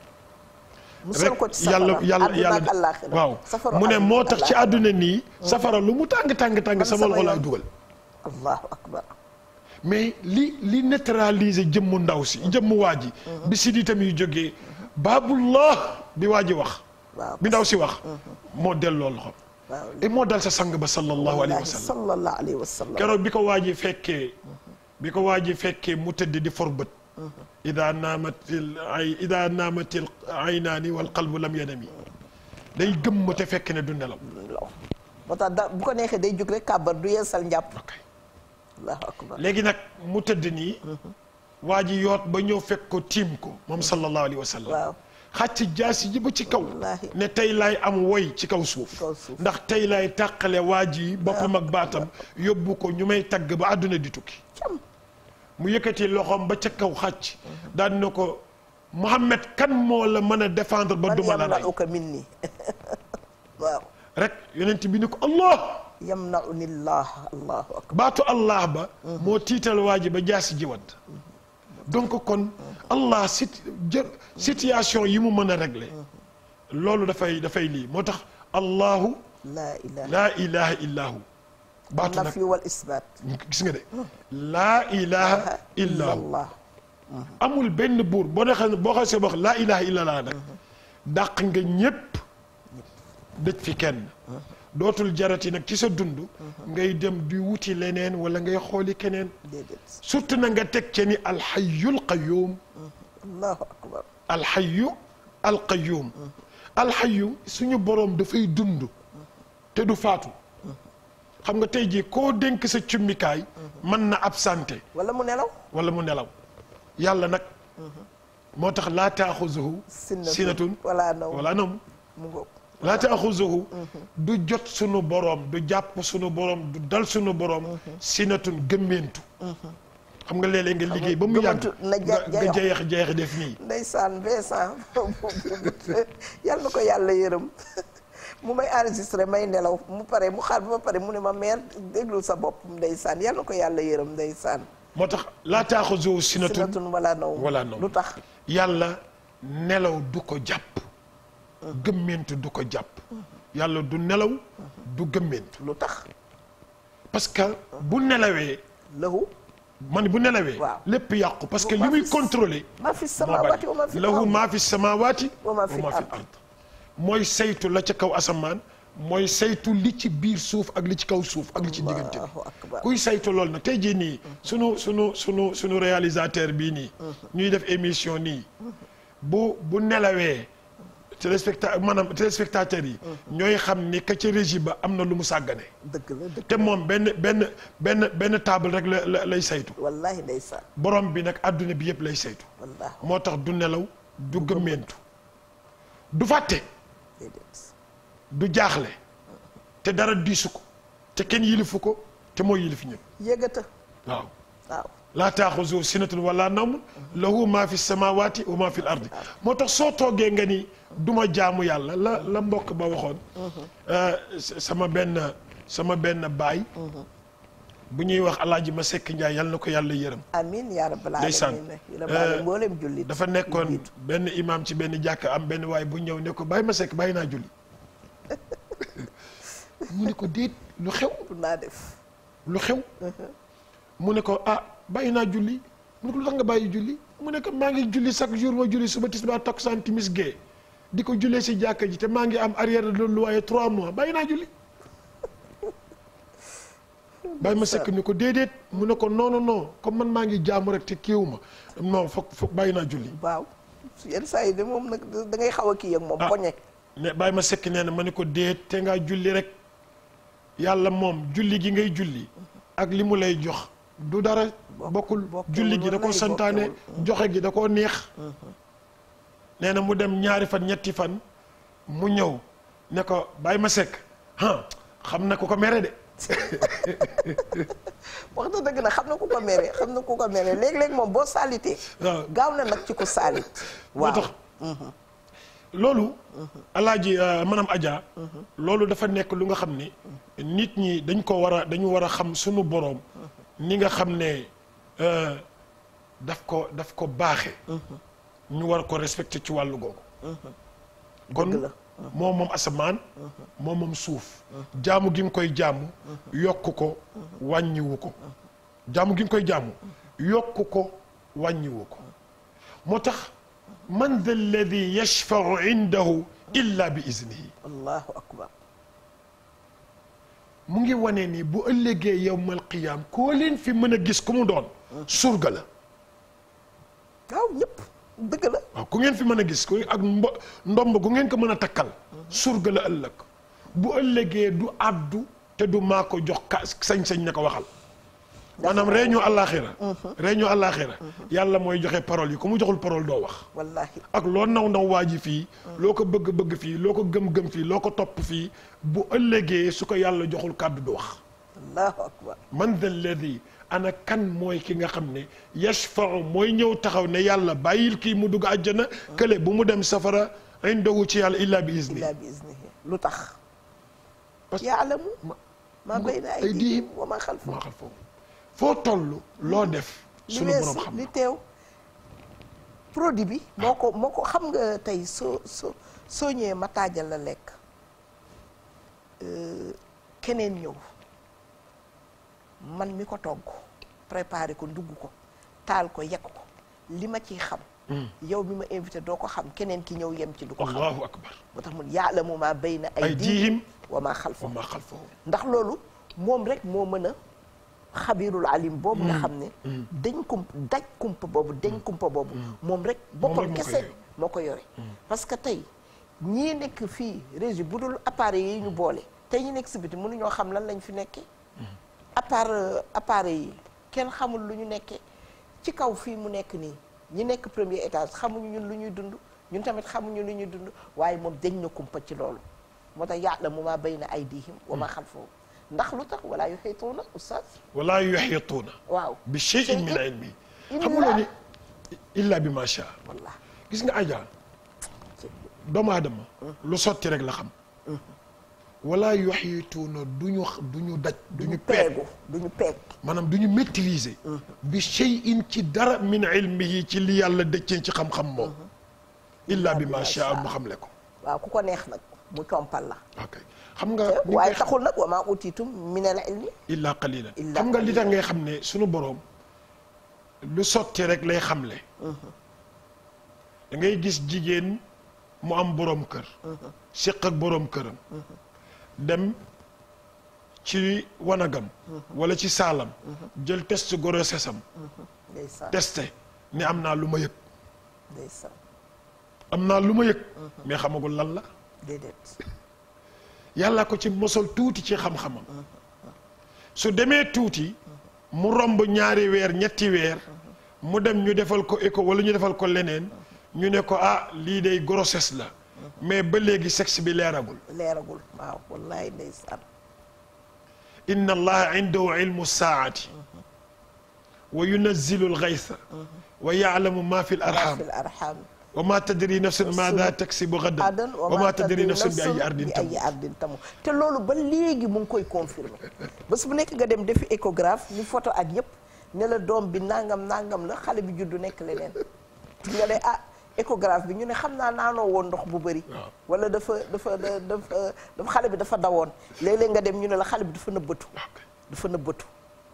musal ko ci safara rek yàlla yàlla yàlla waaw mu ne moo tax ci àdduna nii. Mm. safara lu mu tàng tàng tàng sama loxo laay dugal. allahu akbar. mais li li neutraliser jëmmu ndaw si jëmmu waa ji. Mm-hmm. bi si di itam yu jógee. baabullah bi waa ji wax. bi ndaw si wax. Mm-hmm. moo delloo loxo. waaw moo dal sa sang ba sa alayhi wa sallam sallallahu alayhi wa sallam keroog bi ko waa ji fekkee bi ko waa ji fekkee mu tëdd di forbët ida naamatil ay ida naamatil aynaani wal qalbu lam yanami day gëmm te fekk ne du nelaw moo tax da bu ko neexee day jóg rek kàbbar du yeesal njàpp allahu léegi nag mu tëdd nii mhm. waa ji yoot ba ñëw fekk ko tiim ko moom sallallahu alayhi wa sallam xàcc jaasi ji ba ci kaw ne tey laay am woy ci kaw suuf ndax tey laay tàqale waa ji boppam ak ah. baatam yóbbu ko ñu may tagg ba àdduna di tukki mu yëkkati loxoom ba ca kaw xàcc daan na ko Mohamed kan moo la mën a défendre ba duma la rey <laughs> waaw rek yonent bi ni ko allah yamna'uni allah allahu baatu allah ba mm-hmm. moo tiital waa ji ba jaasi ji wadd mm-hmm. donc kon allah sit situation yi mu mën a régler loolu dafay dafay lii moo tax allahu laa ilaha illa hu baatu nag gis nga de laa ilaha illa hu mm-hmm. amul benn buur boo ne xam ne boo xasee laa ilaha illa laa nag mm-hmm. dàq nga ñépp dëj fi kenn mm-hmm. dootul jarati nag ci sa dund. Mhm. ngay dem di wuti leneen wala ngay xooli keneen. surtout na nga teg ca ni alxayyul qayyum. Mhm. allahu akbar. alxayyu alqayyum. Mhm. suñu boroom dafay dund. te du faatu. xam nga tey ji koo dénk sa cummikaay. mën na absenté. wala mu nelaw wala mu nelaw. yàlla nag. moo tax laa taaxuzuhu. sinatun wala nawm wala nawm. laa ta'xuzuhu mm-hmm. du jot sunu boroom du jàpp sunu boroom du dal sunu boroom mm-hmm. sinatun gëmmeentu mm-hmm. xam nga léeg-léeg nga liggéey ba mu yàgg nga jeex jeex def nii ndeysaan Vincent <laughs> yal na ko yàlla yërëm <laughs> mu may enregistré may nelaw mu pare mu xaar ba pare mu ne ma mère déglu sa bopp ndeysaan yal na ko yàlla yërëm saan moo tax laa ta'xuzuhu sinatun wala nawm wala lu tax yàlla nelaw du ko jàpp gëmmentu du ko jàpp yàlla du nelaw du gëmmentu lu tax parce que bu nelawee lahu man bu nelawee lépp yàqu parce que li muy contrôler maa fi samawati wa lahu maa fi samawati mooy saytu la ci kaw asamaan mooy saytu li ci biir suuf ak li ci kaw suuf ak li ci diggante bi kuy saytu loolu nag tey jii nii sunu sunu sunu sunu réalisateur bii nii ñuy def émission nii bu bu nelawee téléspecta maanaam téléspectateurs yi. ñooy xam ni que ci régie ba am na lu mu sàggane. dëgg te moom benn benn benn benn table rek la la lay saytu. wallaahi ndeysaan. borom bi nag àdduna bi yëpp lay saytu. moo tax du nelaw du gëmmeentu du fàtte. du jaaxle. te dara diisu ko. te kenn yilifu ko te moo yilif ñëpp. laa taaxuzu sinatun wala nawm lahu maa fi samawati wa fi l ardi moo tax soo toogee nga ni duma jaamu yàlla la la mbokk ba waxoon eh, sama benn sama benn baay bu ñuy wax alaaji ma sekk Njaay yal na ko yàlla yërëm amiin yaa rabbal aalamiin dafa nekkoon benn imaam ci benn jàkk am benn waay bu ñëw ne ko bàyyi ma sekk bàyyi naa julli <laughs> mu ne ko déet lu xew lu xew uh-huh. mu ne ko ah bàyyi naa julli mu ne ko bàyyi julli mu ne maa ngi julli chaque jour ma julli suba tisbaar takkusaan timis gee di ko jullee si jàkka ji te maa ngi am arrière lu loyer trois mois bàyyi naa julli <laughs> bàyyi ma sekk ni ko déedéet mu ne ko non comme man maa ngi jaamu rek te kiiwu ma non foog foog bàyyi julli waaw yenn saa yi de nag da xaw a kii ak mais ah. bàyyi ma sekk nee na ma ne ko déet te ngaa julli rek yàlla moom julli gi ngay julli ak li mu lay jox du dara bokkul julli gi da koo santaane mm-hmm. joxe gi da koo neex mm-hmm. nee na mu dem ñaari fan ñetti fan mu ñëw ne ko bàyyi ma sekk xam na ko ko mere de wax na dëgg na xam na ku ko <laughs> xam na ku ko mere léeg-léeg moom boo saalitee waaw gaaw na nag ci ku saalit waaw moo tax mm-hmm. loolu alaaji euh, maanaam Adja loolu dafa nekk lu nga xam ne nit ñi dañ ko war a dañu war a xam sunu boroom ni nga xam ne Euh, daf ko daf ko baaxe uh-huh. ñu war ko respecte ci wàllu googu uh-huh. kon uh-huh. moom moom asamaan moom moom suuf jaamu gi nga koy jaamu yokk ko wàññiwu ko jaamu gi nga koy jaamu yokk ko wàññiwu ko moo tax man dha alladi yashfau indahu illa bi iznihi allahu mu ngi wane nii bu ëllëgee yowmal qiyaam koo leen fi mën a gis ku mu doon surga la. waaw ñëpp dëgg la. waaw ku ngeen fi mën a gis ku ak mbo ndomb gu ngeen ko mën a takkal. surga la ëllëg bu ëllëgee du àddu te du maa ko jox ka sañ-sañ na ko waxal. maanaam réunion àllaaxira mhm. réunion àllaaxira mhm. yàlla mooy joxe parole yi ku mu joxul parole doo wax wallaahi ak loo naw naw waa ji fii mhm. loo ko bëgg-bëgg fii loo ko gëm-gëm fii loo ko topp fii bu ëllëgee su ko yàlla joxul kàddu du wax allahu ana kan mooy ki nga xam ne yashfau mooy ñëw taxaw ne yàlla bàyyil kii mu dugg àjjana kële bu mu dem safara indahu ci yàlla illa bi izni illa bi izni lu tax yaalamu ma bayna aydihim wa ma xalfahum foo tollu loo def sunu borom xam ne teew produit bi moo ko moo xam nga tey soo soo soo ñëwee ma taajal la lekk euh, keneen ñëw man mi ko togg préparé ko dugg ko taal ko yekk ko li ma ciy xam hmm. yow bi ma invité doo ko xam keneen ki ñëw yem ci du ko xam allahu moo tax mun yaalamu maa bayna aydihim wa maa xalfahum ndax loolu moom rek moo mën a xabirul alim boobu nga hmm. xam ne hmm. dañ kump daj kumpa boobu deñ kumpa boobu moom rek boppam kese moo ko yore parce que tey ñii nekk fii régie bu dul appareil yi ñu boole tey ñu nekk si biti mënuñoo xam lan lañ fi nekkee appare euh, appareil yi kenn xamul lu ñu nekkee ci kaw fii mu nekk nii ñi nekk premier étage xamuñu ñun lu ñuy dund ñun tamit xamuñu lu ñuy dund waaye moom dañ na kumpa ci loolu moo tax ya'lamu ma bayna aydihim wa ma xalfahum ndax lu tax wala yuhituuna oustaz wala yuhituuna waaw bi shay'in min ilmi xamuloo ni illa bi ma sha Allah gis nga aja doomu aadama lu sotti rek la xam wala yuxiituuna du ñu du ñu daj. du ñu peegu du ñu peeg. maanaam du ñu maîtriser. Mm-hmm. bi shay'in ci dara min ilmihi ci li yàlla dëccee ci xam-xam moom. illa bi ma shaa mu ko. waaw ku ko neex nag mu compal la. xam nga. Eh, waaye taxul nag wa maa utiitum min al ilmi. illa qalilan xam nga li tax ngay xam ne sunu boroom lu sotti rek lay xamle. Mm-hmm. da ngay gis jigéen mu am boroom kër. Mm-hmm. seq ak boroom këram. dem ci wanagam. wala ci saalam. jël test gorosesam am. testé ne am naa lu ma yëg. am naa lu ma yëg. mais xamagul lan la. déedéet. yàlla ko ci mosal tuuti ci xam-xamam. su demee tuuti. mu romb ñaari weer ñetti weer. mu dem ñu defal ko écho walla ñu defal ko leneen. ñu ne ko ah lii day grossesse la. mais ba léegi sexe bi leeragul. leeragul waaw wallaahi ndeysaan. inna allaha indahu ilmu saati. Mhm. wa yunazzilu alxaysa. Mhm. wa yaalamu ma fi larham. wa ma tadri nafsun maada taksibu gadan wa ma tadri nafsun bi ay ardin tamu ay ardin tamu te loolu ba léegi mu ngi koy confirmer bés bu nekk nga dem defi échographe ñu photo ak yëpp ne la doom bi nangam nangam la xale bi juddu nekk leneen nga ne ah. échographe bi ñu ne xam naa naanoo woon ndox bu bëri wala dafa dafa dafa dafa xale bi dafa dawoon léeg nga dem ñu ne la xale bi dafa nëbbatu ah, dafa nëbbatu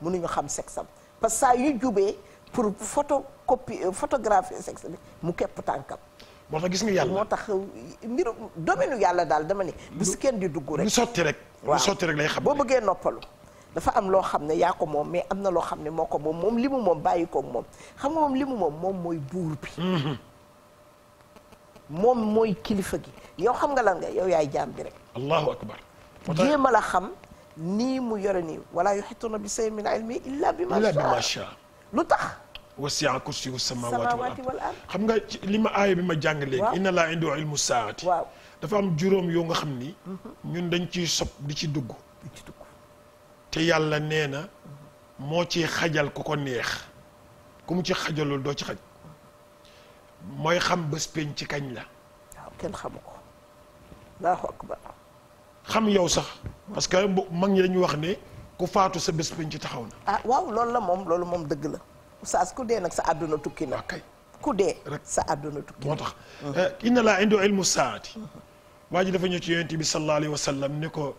mënuñu xam sexe parce que saa yu jubee pour photocopie euh, photographie sexe bi mu képp tànkam moo tax gis nga yàlla moo tax euh, mbiru domaine yàlla daal dama ne bu si kenn di dugg rek lu rek lu sotti rek lay boo bëggee noppalu dafa am loo xam ne yaa ko moom mais am na loo xam ne moo ko moom moom li mu moom bàyyi ko moom xam nga moom li mu moom moom mooy buur bi mm-hmm. moom mooy kilifa gi yow xam nga lan nga yow yaay jaam bi rek allahu akbar jéem a la xam nii mu yore nii wala yuhituna bi shay'in min ilmi illa bi ma sha lu tax wasi'a kursiyyu samawati wal ard xam nga li ma aaya bi ma jàng léegi inna laa indahu ilmu saati waaw dafa am juróom yoo nga xam ni mhm. ñun dañ ciy sob di ci dugg te yàlla nee na moo ci xajal ku ko neex ku mu ci xajalul doo ci xaj mooy xam bés peñ ci kañ la. waaw kenn xamu ko allahu akbar xam yow sax parce que mag ñi dañu wax ni ku faatu sa bés peñ ci taxaw na. ah waaw loolu la moom loolu moom dëgg la oustaz ku dee nag sa àdduna tukki nag ku dee rek sa àdduna tukki na moo tax. Eh, inna laa indu ilmu saati. waa ji dafa ñëw ci yonent bi sallallahu alayhi wa sallam ne ko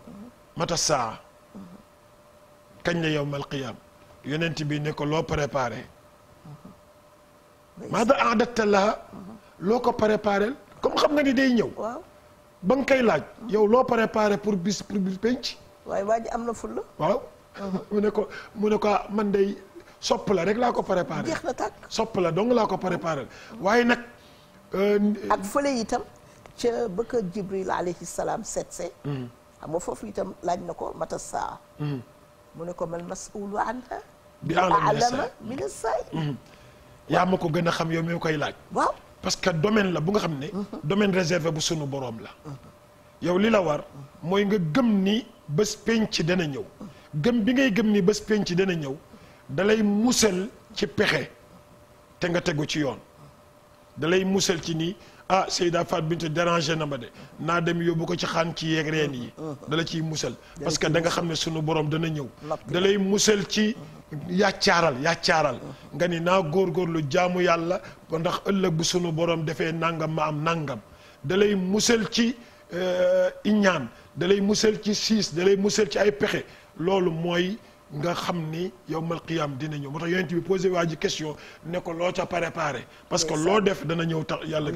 mata saa. Mhm. kañ la yowmal qiyaam yeneenti bi ni ko loo préparer maa da aadatta laha loo ko préparel comme xam nga ni day ñëw ba nga koy laaj yow loo préparé pour bis pour bis penc waaye waa ji am na fulla waaw uh-huh. mu ne ko mu ne ko ah, man day sopp la rek laa ko préparé jeex na tàkk sopp la dong laa ko préparé waaye nag euh, ak fële itam ca bëkk Jibril alayhi salaam seetse hmm. xam nga foofu itam laaj na ko mata saa hmm. mu ne ko mal mas'ulu anha bi a'lama min as-saa'il yaa ma ko gën a xam yow mi koy laaj. waaw parce que domaine la bu nga xam ne. Mhm. domaine réservé bu sunu boroom la. Mhm. yow li la war mooy nga gëm ni bés ci dana ñëw. gëm bi ngay gëm ni bés penc dana ñëw dalay musal ci pexe te nga tegu ci yoon dalay musal ci ni ah Seyda Fat Bint dérangé na ma de naa dem yóbbu ko ci xaan ci yeeg reen yi. Mhm. dala ciy musal. parce que da nga xam ne sunu borom dana ñëw. dalay musal ci yàccaaral yàccaaral nga ni naa lu jaamu yàlla ba ndax ëllëg bu sunu borom defee nangam ma am nangam da lay musal ci euh, iñaan da lay musal ci siis da lay musal ci ay pexe loolu mooy nga xam ni yow mal qiyaam dina ñëw moo tax yonent bi posé waa ji question ne ko loo ca préparé parce que loo def dana ñëw tax yàlla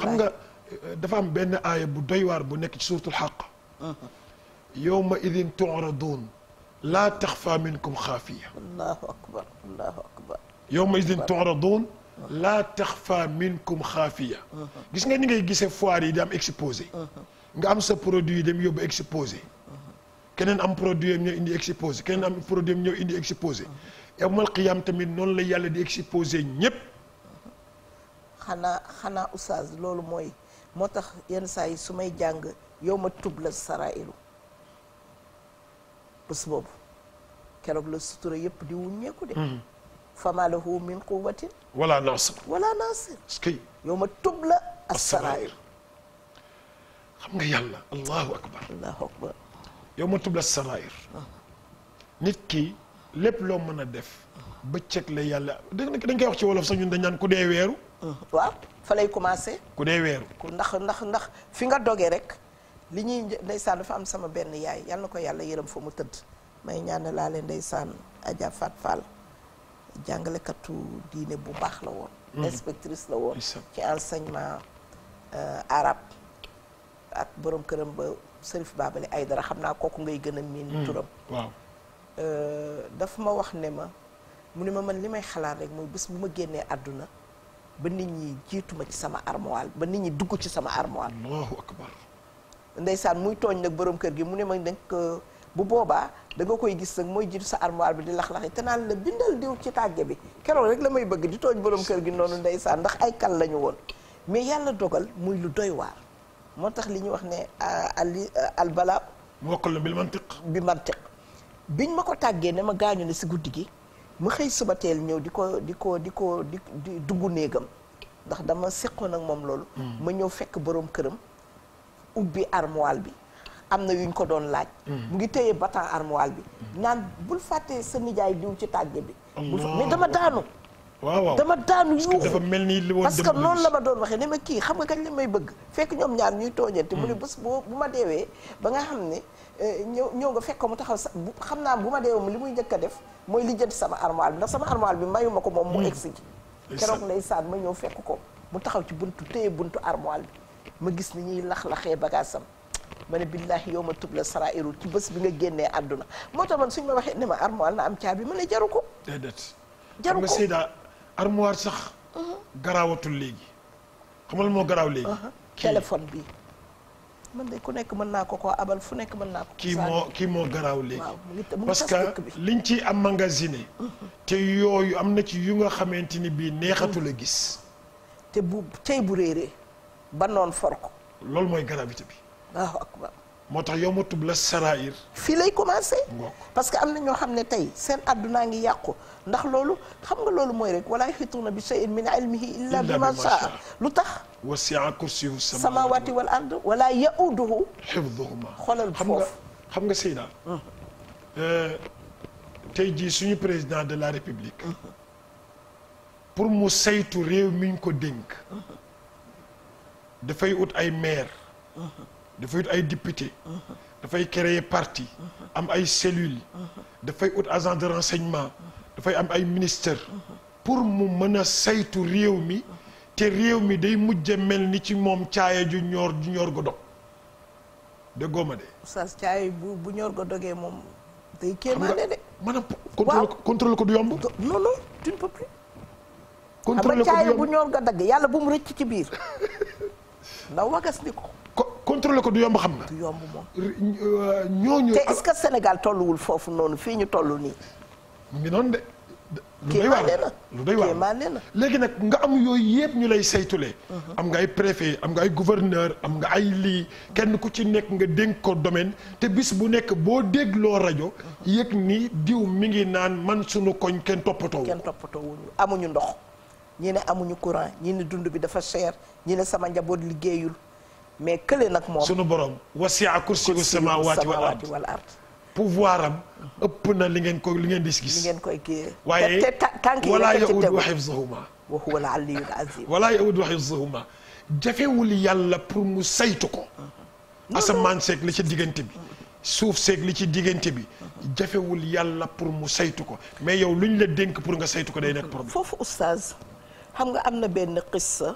xam nga euh, dafa am benn aaya bu doy waar bu nekk ci suuratul xaq uh-huh. yawma idin tu'raduun laa taxfa minkum xaafiya allahu akbar allahu akbar yawma idin tu'radun laa taxfa minkum xaafiya gis nga ni ngay gisee foire yi di am exposé nga am sa produit yi dem yóbbu exposé keneen am produit am ñëw indi exposé keneen am produit am ñëw indi exposé yawmal qiyaam tamit noonu la yàlla di exposé ñëpp xanaa xanaa oustaz loolu mooy moo tax yenn saa yi jàng yow ma tub la sarairu bés boobu keroog la sutura yëpp di wuññeeku de mm-hmm. fama lahu min quwwatin wala nasir wala nasir yow ma tub la asarair xam nga yàlla allahu akbar yow ma tub la asarair ah. nit ki lépp loo mën a def bëccëg la yàlla dañ koy wax ci wolof sax ñun dañ naan ku dee weeru ah. waaw fa lay commencé ku dee weeru ndax ndax ndax fi nga dogee rek li ñuy ndeysaan dafa am sama benn yaay yal na ko yàlla yërëm fa mu tëdd may ñaan laa leen ndeysaan Adja Fat Fall jàngalekatu diine bu baax la woon mm. inspectrice la woon ci enseignement euh, arab ak boroom këram ba Serif Babali ay dara xam naa kooku ngay gën a miin mm. turam waaw euh, dafa ma wax ne ma mu ne ma man li may xalaat rek mooy bis bu ma génnee àdduna ba nit ñi jiitu ma ci sama armoire ba nit ñi dugg ci sama armoire ndeysaan muy tooñ nag boroom kër gi mu ne ma nag euh, bu boobaa da koy gis nag mooy jiitu sa armoire bi di lax-laxi te naan la bindal diw ci tàgge bi keroog rek la may bëgg di tooñ borom kër gi noonu ndeysaan ndax ay kal lañu woon mais yàlla dogal muy lu doy waar moo tax li ñuy wax ne euh, ali euh, albala mokkal bi mantiq bi mantiq biñ ma ko tàggee ne ma gaañu ne si guddi gi ma xëy suba teel ñëw di ko di ko di ko di dugg néegam ndax dama seqoon ak moom loolu mm. ma ñëw fekk borom këram ubbi armoil bi am na yuñ ko doon laaj. Mm. mu ngi téye batan armoil bi. Mm. naan bul fàttee sa nijaay diw ci tàgge bi. ni mm. dama daanu. waaw dama daanu yuuxu mel ni li woon parce que noonu la ma doon waxee ne ma kii xam nga kañ la may bëgg fekk ñoom ñaar ñuy tooñante mu ne bés boo bu ma deewee ba nga xam ne eh, ñëw ñëw nga fekk ko mu taxaw sa xam naa bu ma deewee li muy njëkk a def mooy li jënd sama armoire bi ndax sama armoire bi mayu ko moom mu egsi ji keroog ndeysaan ma ñëw fekk ko mu taxaw ci buntu téye buntu armoire bi ma gis ni ñuy lax-laxee bagaasam ma ne billaahi yow ma tub la sarairu ci bés bi nga génnee àdduna moo tax man suñ ma waxee ne ma armoire na am caabi ma ne jaru ko déedéet jaru ko nga Seyda armoire sax uh-huh. garaawatul léegi xamal moo garaaw léegi uh-huh. téléphone bi man de ku nekk mën naa ko abal fu nekk mën naa ko kii moo kii moo garaaw léegi parce que liñ ci am magasiné uh-huh. te yooyu am na ci yu nga xamante ni bii neexatul a gis te bu tey bu réeree ba noon for ko loolu mooy gravité bi waaw akbar moo tax yow ma tub la sarair fii lay commencé parce que am na ñoo xam ne tey seen àddunaa ngi yàqu ndax loolu xam nga loolu mooy rek wala yuhituuna bi shay'in min ilmihi illa bima saa lu tax wasia kursiyu samawati wal ard wala yauduhu xifduhuma xoolal foofu xam nga Seyda hmm. euh, tey jii suñu président de la république hmm. pour mu saytu réew mi ñu ko dénk hmm. dafay ut ay maire dafay ut ay député dafay créer parti am ay cellule dafay ut agent de renseignement dafay am ay ministère pour mu mën a saytu réew mi te réew mi day mujje mel ni ci moom caaya ju ñoor ju ñor go dog déggoo ma de oustaz caaya bu bu ñoor go dogee moom day kéemaane de maanaam contrôle contrôle ko du yomb non non tu ne peux ñoor go dagg yàlla bu mu rëcc ci biir <laughs> ndaw wagas ni ko. contrôler ko du yomb xam nga. du yomb moom. Euh, ñooñu. te est que Sénégal tolluwul foofu noonu fii ñu toll nii. mu ngi noonu de. lu doy waar lu doy waar léegi nag nga am yooyu yëpp ñu lay saytulee. Mhm. am nga ay préfet am nga ay gouverneur am nga ay lii kenn ku ci nekk nga dénk ko domaine te bis bu nekk boo dégloo rajo. Mhm. yëg ni diw mi ngi naan man sunu koñ kenn toppatoo. kenn toppatoo amuñu ndox. ñi ne amuñu courant ñi ne dund bi dafa cher ñi ne sama njaboot liggéeyul mais kële nag moom. sunu borom wasi'a kursiyu samaawaati wal ard pouvoir am ëpp na li ngeen ko li ngeen di gis. li ngeen koy kii waaye te tànk yi wala yauduhu hifzuhuma wa huwa al-aliyyul azim wala yauduhu hifzuhuma jafewul yàlla pour mu saytu ko. Uh-huh. asamaan seeg li ci diggante bi. suuf seeg li ci diggante bi. jafewul yàlla pour mu saytu ko mais yow luñ la dénk pour nga saytu ko day nekk problème. foofu oustaz. xam nga am na benn xissa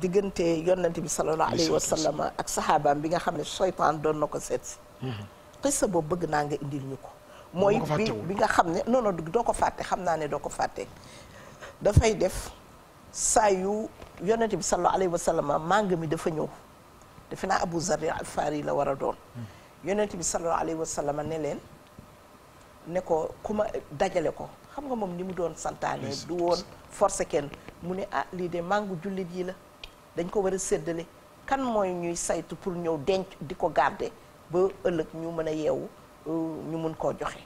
diggante yonent bi sallallahu alayhi wa ak saxaabaam bi nga xam ne seytaan doon na ko seet si xissa hmm. boobu bëgg naa nga indil ñu ko mooy bi bi nga xam ne non non doo ko fàtte xam naa ne doo ko fàtte dafay def saa yu yonent bi sallallahu alayhi wa sallam màng mi dafa ñëw defe naa Abu Zarri yi la war a doon hmm. yonent bi sallallahu alayhi wa sallam ne leen ne ko ku ma dajale ko xam nga moom li mu doon santaane du woon forcé kenn mu ne ah lii de màngu jullit yi la dañ ko war a séddale kan mooy ñuy saytu pour ñëw denc di ko garder ba ëllëg ñu mën a yeewu euh, ñu mun koo joxe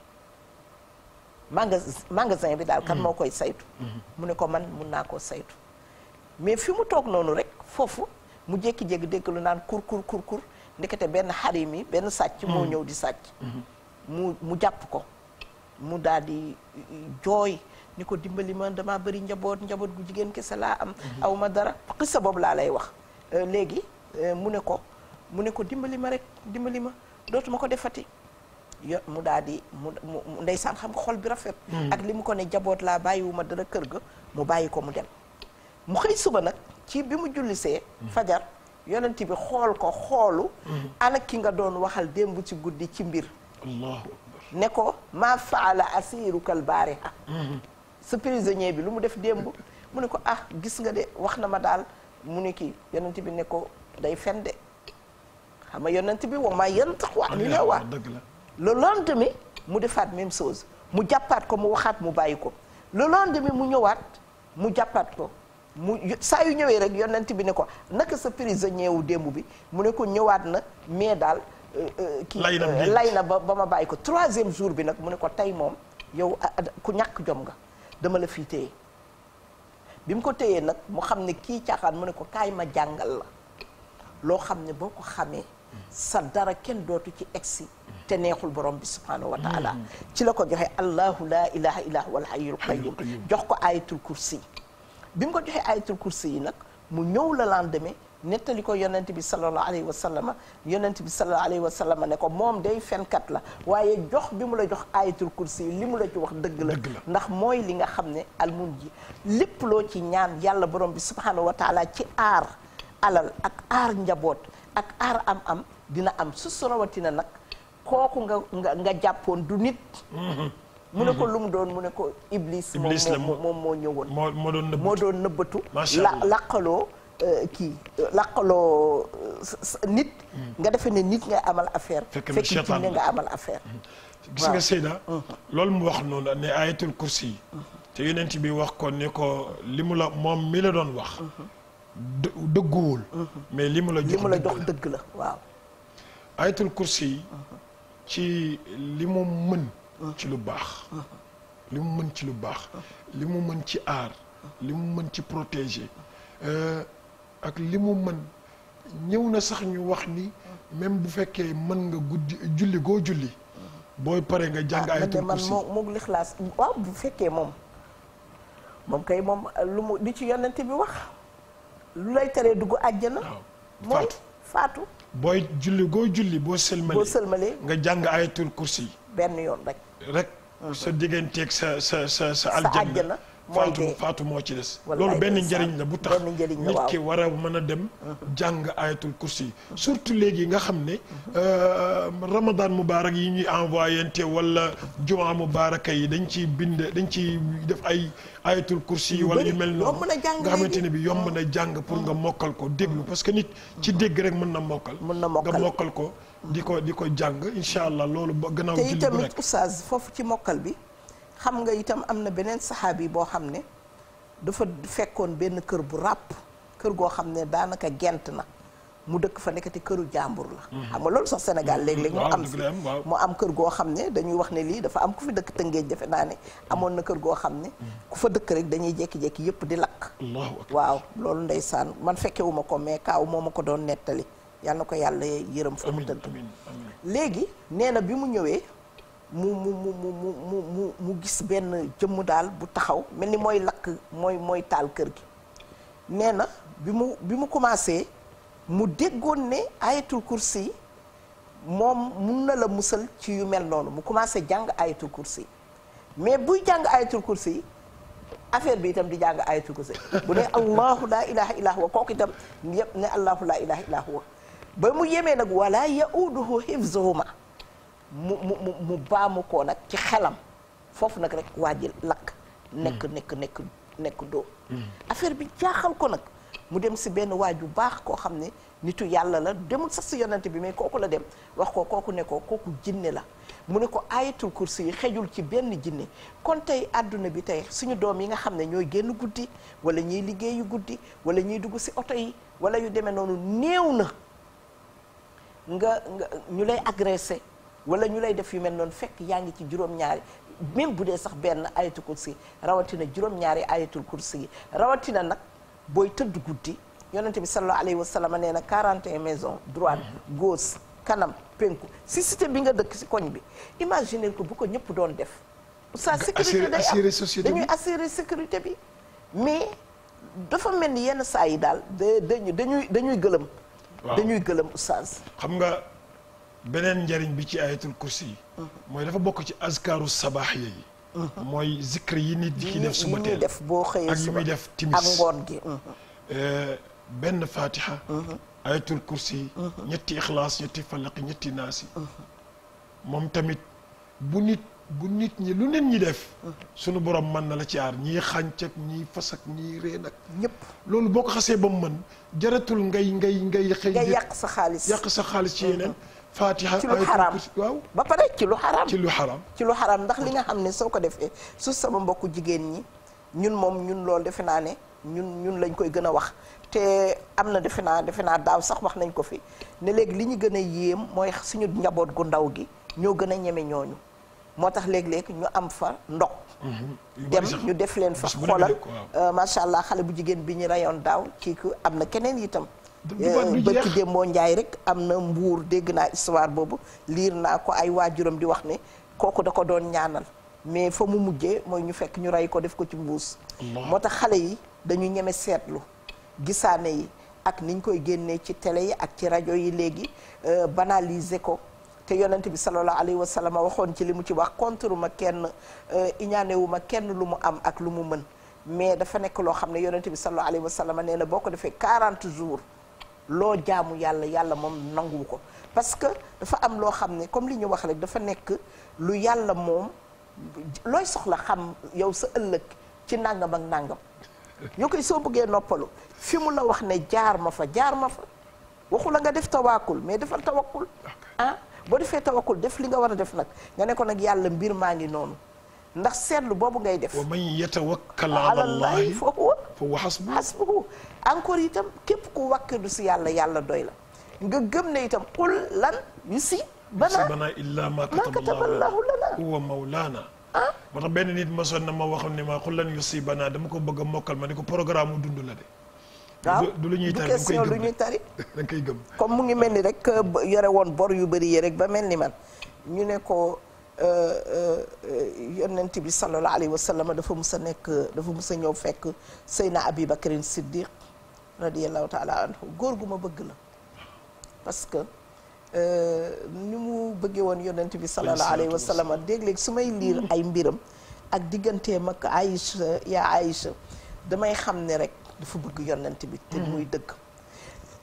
magasin magasin bi daal kan mm-hmm. moo koy saytu mm-hmm. mu ne ko man mun naa koo saytu mais fi mu toog noonu rek foofu mu jékki-jékki dégg lu naan kur kur kur ndekete benn xarim yi benn sàcc moo mm-hmm. ñëw di sàcc mu mu jàpp ko mu daal di eh, jooy ni ko dimbali ma dama bari njaboot njaboot gu jigéen kese laa am mhm. aw ma dara xissa boobu laa lay wax eh, léegi eh, mu ne ko mu ne ko dimbali ma rek dimbali ma dootuma ko defati yo mu daal di mu mu ndeysaan xam xol bi rafet hmm. ak li mu ko ne jaboot laa bàyyiwu ma dara kër ga mu bàyyi ko mu dem mu xëy suba nag ci bi mu jullisee hmm. fajar yonent bi xool ko xoolu hmm. ana ki nga doon waxal démb ci guddi ci mbir ne ko maa faala asirukal baariha sa prisonnier bi lu mu def démb mu ne ko ah gis nga de wax na ma daal mu ne kii yonent bi ne ko day fen de xam nga yonent bi wa maa yantiqu ani l-hawa le lendemain mu defaat même chose mu jàppaat ko mu waxaat mu bàyyi ko le lendemain mu ñëwaat mu jàppaat ko mu saa yu ñëwee rek yonent bi ne ko naka sa prisonnier wu démb bi mu ne ko ñëwaat na mais daal kii lay na euh, ba ba ma bàyyi ko troisième jour bi nag mu ne ko tey moom yow ah, ah, ku ñàkk jom nga dama la fii téye bi mu ko téyee nag mu xam ne kii caaxaan mu ne ko kaay ma jàngal la loo xam ne boo ko xamee sa dara kenn dootu ci egsi te neexul borom bi subhaanahu wa taala mm. ci la ko joxe allahu laa ilaha illa huwa alhayyul qayyum jox ko ayatul kursi bi mu ko joxee ayatul kursi yi nag mu ñëw la lendemain nettali ko yonent bi sallallahu alayhi wa sallama yonent bi sallallahu alayhi wa sallama ne ko moom day fenkat la waaye jox bi mu la jox ayatul kursi li mu la ci wax dëgg la ndax mooy li nga xam ne almun ji lépp loo ci ñaan yàlla borom bi subhanahu wa taala ci aar alal ak aar njaboot ak aar am am dina am su rawatina nag kooku nga nga jàppoon du nit mhm. mu ne ko mhm. lu doon mu ne ko iblis moom moom moo ñëwoon moo doon nëbbatu la laqaloo Euh, kii laqaloo euh, nit. nga defee ne nit nga amal affaire. fekk jinne nga amal affaire. gis nga Seyda. loolu mu wax noonu la ne ayatul kursi yi. te yonent bi wax ko ne ko li mu la moom mi la doon wax. dëgguwul. mais li mu la jox li mu la jox dëgg la waaw. ayatul kursi yi. ci li mu mën. ci lu baax. li mu mën ci lu baax. li mu mën ci aar. li mu mën ci protéger. ak li mu mën ñëw na sax ñu wax ni même bu fekkee mën nga guddi julli goo julli booy pare nga jàng ah, ayatul kursi bu fekkee moom moom kay moom lu mu di ci yonent lay teree dugg àjjana moom faatu booy julli goo julli boo sëlmalee boo nga jàng ayatul benn yoon rek rek sa digganteeg sa sa sa sa aljana mooy dee faatu moo ci des. loolu benn njëriñ la bu tax nit ki war a mën a dem. Mhm. jàng ayatul kursi mhm. surtout léegi nga xam ne. Mhm. Euh, Ramadan Moubarak yi ñuy envoyé wala juma Moubaraka yi dañ ciy bind dañ ciy def ay ayatul kursi wala yu mel noonu. nga xamante ne bi yomb na jàng pour nga mokkal ko déglu parce que nit ci dégg rek mën na mokkal. mën na mokkal nga ko. di ko di ko jàng incha allah loolu ba gannaaw. julli bu rek te itamit oustaz foofu ci mokkal bi. xam nga itam am na beneen saxaabi boo xam ne dafa fekkoon benn kër bu ràpp kër goo xam ne daanaka gent na mu dëkk fa nekkati këru jàmbur la mhm. xam nga loolu sax Sénégal mhm. léeg-léeg mu am fi mu am kër goo xam ne dañuy wax ne lii dafa am ku fi dëkk tëngéej defe naa ne mhm. amoon na kër goo xam ne ku fa dëkk rek dañuy jekki-jekki yëpp di lakk waaw loolu ndey saan man fekkewuma ko mais kaaw moo ma ko doon nettali yàlla na ko yàlla yërëm fa mu tëdd léegi nee bi mu ñëwee mu mu mu mu mu mu mu gis benn jëmm daal bu taxaw mel ni mooy lakk mooy mooy taal kër gi nee na bi mu bi mu commencé mu déggoon ne ayatul kursi moom mun na la musal ci yu mel noonu mu commencé jàng ayatul kursi mais buy jàng ayatul kursi affaire bi itam di jàng ayatul kursi bu ne allahu laa ilaha illa huwa kooku itam yëpp ne allahu laa ilaha ba mu yemee nag wala yauduhu hifzuhuma mu mu mu mu baamu ko nag ci xelam foofu nag rek waa ji lakk. nekk hmm. nekk nekk nekk doo. Hmm. affaire bi jaaxal ko nag mu dem si benn waaj bu baax koo xam ne nitu yàlla la demul sa si yonante bi mais kooku la dem wax ko kooku nekkoo ko kooku jinne la. mu ne ko ayatul kursi yi xejul ci benn jinne kon tey àdduna bi tey suñu doom yi nga xam ne ñooy génn guddi wala ñiy liggéey yu guddi wala ñiy dugg si oto yi wala yu demee noonu néew na nga nga ñu lay agressé. wala ñu lay def yu mel noonu fekk yaa ngi ci juróom-ñaari même bu dee sax benn ayatul kursi rawatina juróom-ñaari ayatul kursi rawatina nag booy tëdd guddi yonente bi sallallahu alayhi wa sallam nee na 41 maison droite gauche kanam penku si cité bi nga dëkk si koñ bi imaginer ko bu ko ñëpp doon def. sa sécurité day am dañuy assurer sécurité bi mais dafa mel ni yenn saa yi daal da dañuy dañuy gëlëm. dañuy gëlëm oustaz. xam nga. beneen njariñ bi ci ayatul kursi yi mooy dafa bokk ci askaaru sabaax yi mooy zikr yi nit ki def suba teel def boo xëyee ak yi muy def timis ak ngoon gi eh, benn fatiha ayatul kursi ñetti ixlaas ñetti falaq ñetti naasi moom tamit bu nit bu nit ñi lu neen ñi def sunu borom man na la ci aar ñii xànc ak ñii fas ak ñii reen ak ñëpp loolu boo ko xasee ba mu mën jaratul ngay ngay ngay xëy nga yàq sa xaalis yàq sa xaalis ci yeneen fatiha ci lu xaraam ba pare ci lu xaraam ci lu xaraam ci xaraam ndax li nga xam ne soo ko defee su sama mbokku jigéen ñi ñun moom ñun loolu defe naa ne ñun ñun lañ koy gën a wax te am na defe naa defe naa daaw sax wax nañ ko fi ne léegi li ñu gën a yéem mooy suñu njaboot gu ndaw gi ñoo gën a ñeme ñooñu moo tax léeg-léeg ñu am fa ndox mhm. dem ñu def leen fa xoolal euh, macha allah xale bu jigéen bi ñu reyoon daaw kii ko am na keneen itam bërki démboo njaay rek am na mbuur dégg naa histoire boobu liir naa ko ay waajuram di wax ne kooku da ko doon ñaanal mais fa mu mujjee mooy ñu fekk ñu rey ko def ko ci mbuus moo tax xale yi dañu ñeme seetlu gisaane yi ak niñ koy génnee ci tele yi ak ci rajo yi léegi euh, banaliser ko te yonent bi sallallahu alayhi wa sallam waxoon ci li mu ci wax contre ma kenn euh, iñaanewu ma kenn lu mu am ak lu mu mën mais dafa nekk loo xam ne yonent bi sallallahu alayhi wa sallam nee na boo ko defee 40 jours loo jaamu yàlla yàlla moom nanguwu ko parce que dafa am loo xam ne comme li ñu wax rek dafa nekk lu yàlla moom looy soxla xam yow sa ëllëg ci nàngam ak nàngam ñoo koy soo bëggee noppalu fi mu la wax ne jaar ma fa jaar ma fa waxu la nga def tawaakul mais defal tawakkul ah boo defee tawakkul def li nga war a def nag nga ne ko nag yàlla mbir maa ngi noonu ndax seetlu boobu ngay def wa man foofu xasbu xasbu encore itam képp ku wàkkilu si yàlla yàlla doy la nga gëm na itam qul lan yu si banaa banaa illaa maa kataballaahu lanaa huwa mawlaana ah moo tax benn nit mosoon na ma waxoon ne ma qul lan yu si banaa dama ko bëgg a mokkal ma ne ko programme mu dund la de waaw du lu ñuy tari question ñuy tari <laughs> da koy gëm comme mu ngi mel ni rek euh, yore woon bor yu bëri yi rek ba mel ni man ñu ne ko Euh, euh, yonent bi sallallahu alayhi wa sallam dafa mus a nekk dafa mus a ñëw fekk Seyna Abi Bakrin Siddiq radiallahu taala anhu góor gu ma bëgg la parce que euh, ni mu bëggee woon yonent bi sallallahu alayhi wa sallam léeg-léeg su may liir ay mbiram ak digganteem ak Aïcha yaa Aïcha damay xam ne rek dafa bëgg yonent bi te muy dëgg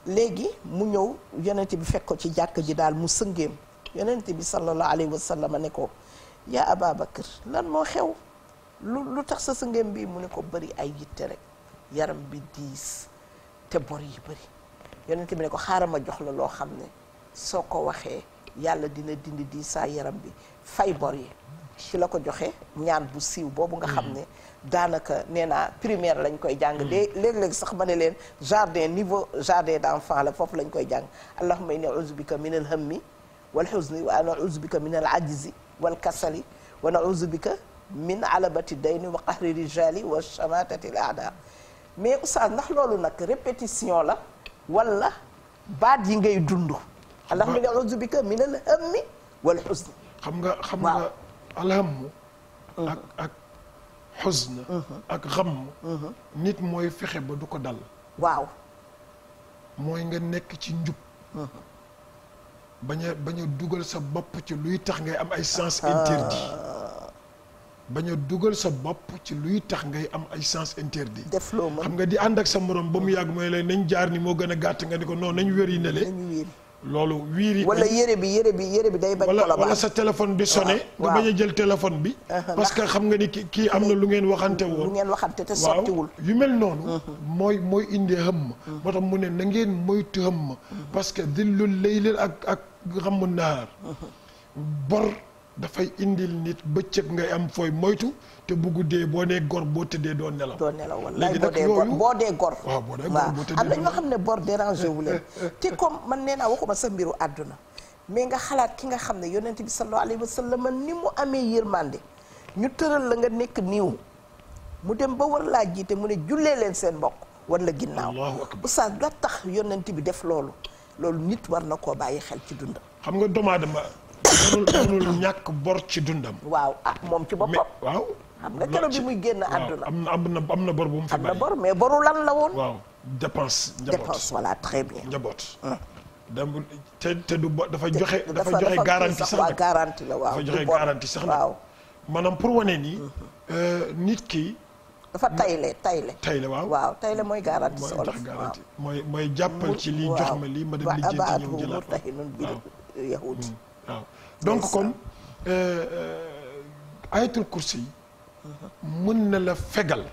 léegi mu ñëw yonent bi fekk ko ci jàkk ji daal mu sëngéem yonent bi sallallahu alayhi wa sallam ne ko yaa Ababakar lan moo xew lu tax sa sëngéem bii mu ne ko bëri ay yitte rek yaram bi diis te bor yi bëri yonent bi ne ko xaaral ma jox la loo xam ne soo ko waxee yàlla dina dindi diisaa yaram bi fay bor yi ci la ko joxe ñaan bu siiw boobu nga xam mm. ne daanaka nee naa primaire lañ koy jàng de mm. léeg-léeg sax ma ne leen jardin niveau jardin d'enfant la foofu lañ koy jàng allahumma inni a'udhu bika min al-hammi wal xuzni wa nauzu bika min al ajzi wal kasali wa nauzu bika min alabati dayni wa qahri rijali wa shamatati al aada mais oustaz ndax loolu nag répétition la wala baat yi ngay dund ndax min nauzu bika min al hammi wal xuzni xam nga xam nga alhammu ak ak xusn uh-huh. uh-huh. ak xam uh-huh. nit mooy fexe ba du ko dal waaw mooy nga nekk ci njub Ah. bañ a dugal sa bopp ci luy tax ngay am ay sens interdit bañ dugal sa bopp ci luy tax ngay am ay sens interdit defloo ma xam nga di ànd ak sa morom ba mu yàgg mooy lay nañ jaar ni moo gën a gàtt nga ni ko noonu nañ wér yi ne loolu wiiri wala yére bi yére bi yére bi day bañ wala wala sa téléphone bi sonné nga bañ a jël téléphone bi uh-huh, parce que xam nga ni kii am na lu ngeen waxante woon lu ngeen waxante te sottiwul yu mel noonu uh-huh. mooy mooy indi xëmm uh-huh. moo tax mu ne na ngeen moytu xëmm parce que dillul laylil ak ak xamu naar bor dafay indil nit bëccëg ngay am fooy moytu te bu guddee boo nee gor boo tëddee doo nelaw. doo nelaw wallaay boo dee gor boo dee gor. waaw boo dee gor boo am na ñoo xam ne bor dérangé wu leen. <laughs> te comme man nee naa waxuma sa mbiru àdduna mais nga xalaat ki nga xam ne yonent bi sallallahu alayhi wa sallam ni mu amee yërmande ñu tëral la nga nekk niiw mu dem ba war laa jiite mu ne jullee leen seen mbokk war la ginnaaw. oustaz la tax yonent bi def loolu loolu nit war na koo bàyyi xel ci dundam. xam nga doomu aadama mënul ñàkk bor ci dundam. waaw ah moom ci boppam. waaw. xam nga keroog bi muy génn àdduna. am na am na bor bu mu fi bàyyi. am na bor mais boru lan la woon. waaw dépense. njaboot dépense voilà très bien. njaboot. dem te te du bo dafa joxe. dafa joxe garantie sax waaw garantie la waaw. dafa joxe garantie sax nag maanaam pour wane ni. Euh, nit ki. dafa tayle tayle. tayle waaw waaw tayle mooy garantie. sa olof waaw mooy mooy jàppal ci lii jox ma lii ma dem. lijjanti ñoom jëlaat waaw waaw. donc kon euh, euh, ayatul kursi yi mën na la fegal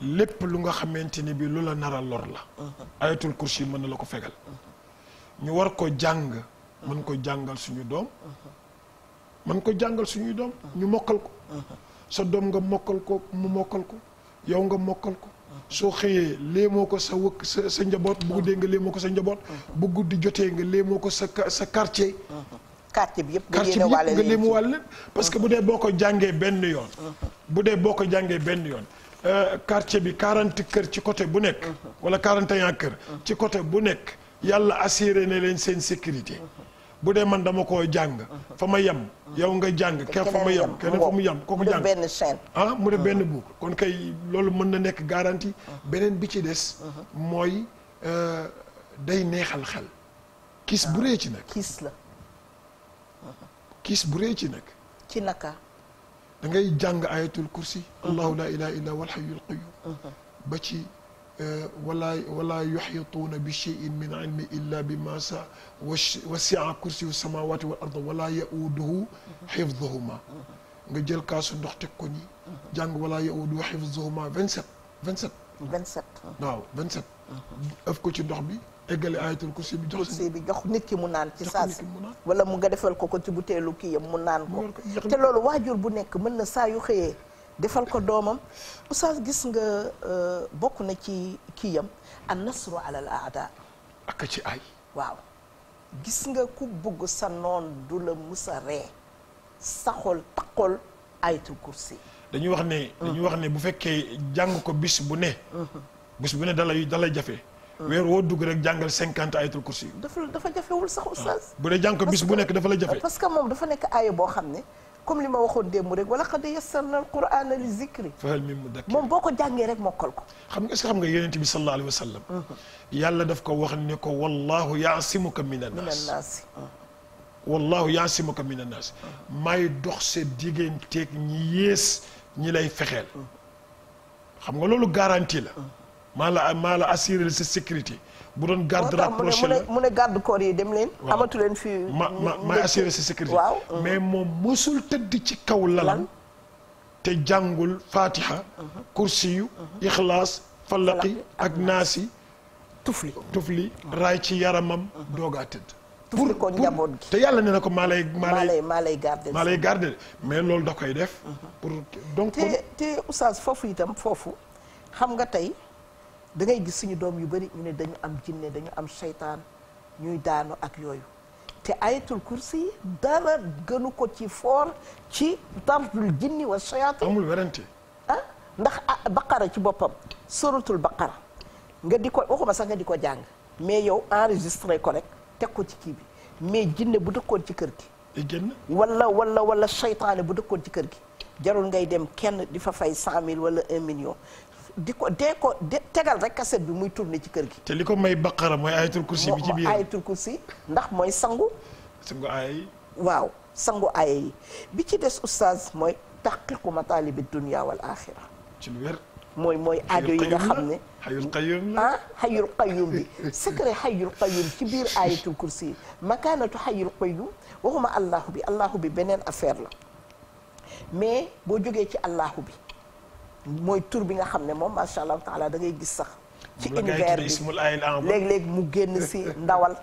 lépp lu nga xamante ni bi lu la nara a lor la ayatul kursi yi mën na la ko fegal ñu war ko jàng mën ko jàngal suñu doom mën ko jàngal suñuy doom ñu mokkal ko sa doom nga mokkal ko mu mokkal ko yow nga mokkal ko soo xëyee léemoo ko sa wëkk sa sa njaboot bu guddee nga léemoo ko sa njaboot bu guddi jotee nga léemoo ko sa sa quartier quartier bi yëpp. nga lim wàll lépp parce que bu dee boo ko jàngee benn yoon. Uh-huh. bu dee boo ko jàngee benn yoon. Euh, quartier bi quarante kër ci côté bu nekk. Uh-huh. wala 41 kër. Uh-huh. ci côté bu nekk yàlla assuré na leen seen sécurité. bu dee man dama ko jàng. fa ma yem. yow nga jàng kenn fa ma yem kenn fa mu yem kooku jàng benn ah, mu def benn boucle kon kay loolu mën na nekk garantie. beneen bi ci des. mooy euh, day neexal xel. kiis bu ah, rëy ci nag kiis kiis bu rëy ci nag. ci naka. da ngay jàng ayatul kursi. allahu la ilaha illa huwal hayyul qayyum. Uh-huh. ba ci eh, wala wala yuhituuna bi shay'in min ilmi illa bima saa wasi'a kursiyu samawati wal ardi wala yauduhu xifduhuma uh-huh. uh-huh. nga jël kaasu ndox teg ko nii. jàng wala yauduhu xifduhuma 27 27. 27 waaw 27. ëf ko ci ndox bi. eggale ayatul kursi bi jox bi jox nit ki mu naan ci saa saas wala mu nga defal ko ko ci buteelu kii yam mu naan ko te loolu waajur bu nekk mën na saa yu xëyee defal ko doomam oustaz gis nga euh, bokk na ci kii yam an nasru alal aada ak ci ay waaw gis nga ku bëgg sa noon du la musa ree saxol taxol ayatul kursi dañuy wax ne dañuy wax ne bu fekkee jàng ko bis bu ne mm-hmm. bis bu ne dalay dalay jafe weer woo dugg rek jàngal cinquante ayatul kursi yu dafa dafa jafewul sax ah. oustaz bu dee jàng ko bis bu nekk dafa la jafe parce que moom dafa nekk aaya boo xam ne comme li ma waxoon démb rek wala qad yassarna alqurana li zikri fahal min mudakkir moom boo mokkal ko xam nga si ce que xam nga yonent bi sallallahu alayhi wa sallam mm-hmm. yàlla daf ko wax ne ko wallahu yaasimuka min a annaas ah. wallahu yaasimuka min annaas mm-hmm. maay dox sa digganteeg ñi yées ñi lay fexeel mm-hmm. xam nga loolu garantie la maa la maa la assurer sa sécurité bu doon garde rapproché mu ne garde corps yi dem leen. amatu leen fi. ma ma ma assurer sa sécurité. mais moom mosul tëdd ci kaw lalam te jàngul fatiha. Uh-huh. kursiyu uh-huh. ixlaas falaqi ak naasi. tufli tufli uh-huh. raay ci yaramam. doogaa tëdd. pour ko njaboot gi te yàlla ne ko maa lay. maa lay maa lay garder mais loolu da koy def. pour te te oustaz foofu itam foofu xam nga tey. da ngay gis suñu doom yu bari ñu ne dañu am jinne dañu am seytaan ñuy daanu ak yooyu te ayatul kursi dara gënu ko ci foor ci dardul jinni wa sayaatin amul werante ah ndax ah, baqara ci boppam suratul baqara nga di ko waxuma sax nga di ko jàng mais yow enregistré ko rek teg ko ci kii bi mais jinne bu dëkkoon ci kër gi génn wala wala wala seytaane bu dëkkoon ci kër gi jarul ngay dem kenn di fa fay cent mille wala million di ko dee ko tegal rek kaset bi muy turne ci kër gi. te li ko may baqara mooy ayatul kursi bi ci biir ayatul kursi ndax mooy sangu. waaw sangu aaya bi ci des oustaz mooy taqiqu mataalibi dunya wal axira. ci lu wér. mooy mooy aajo yi nga xam ne. xayul qayyum ah xayul bi secret xayul qayyum ci biir ayatul kursi yi makaanatu xayul qayyum waxuma allahu bi allahu bi beneen affaire la mais boo jógee ci allahu bi. mooy tur bi nga xam ne moom macha allah taala da gis sax. ci univers bi léeg-léeg mu génn si <laughs> ndawal.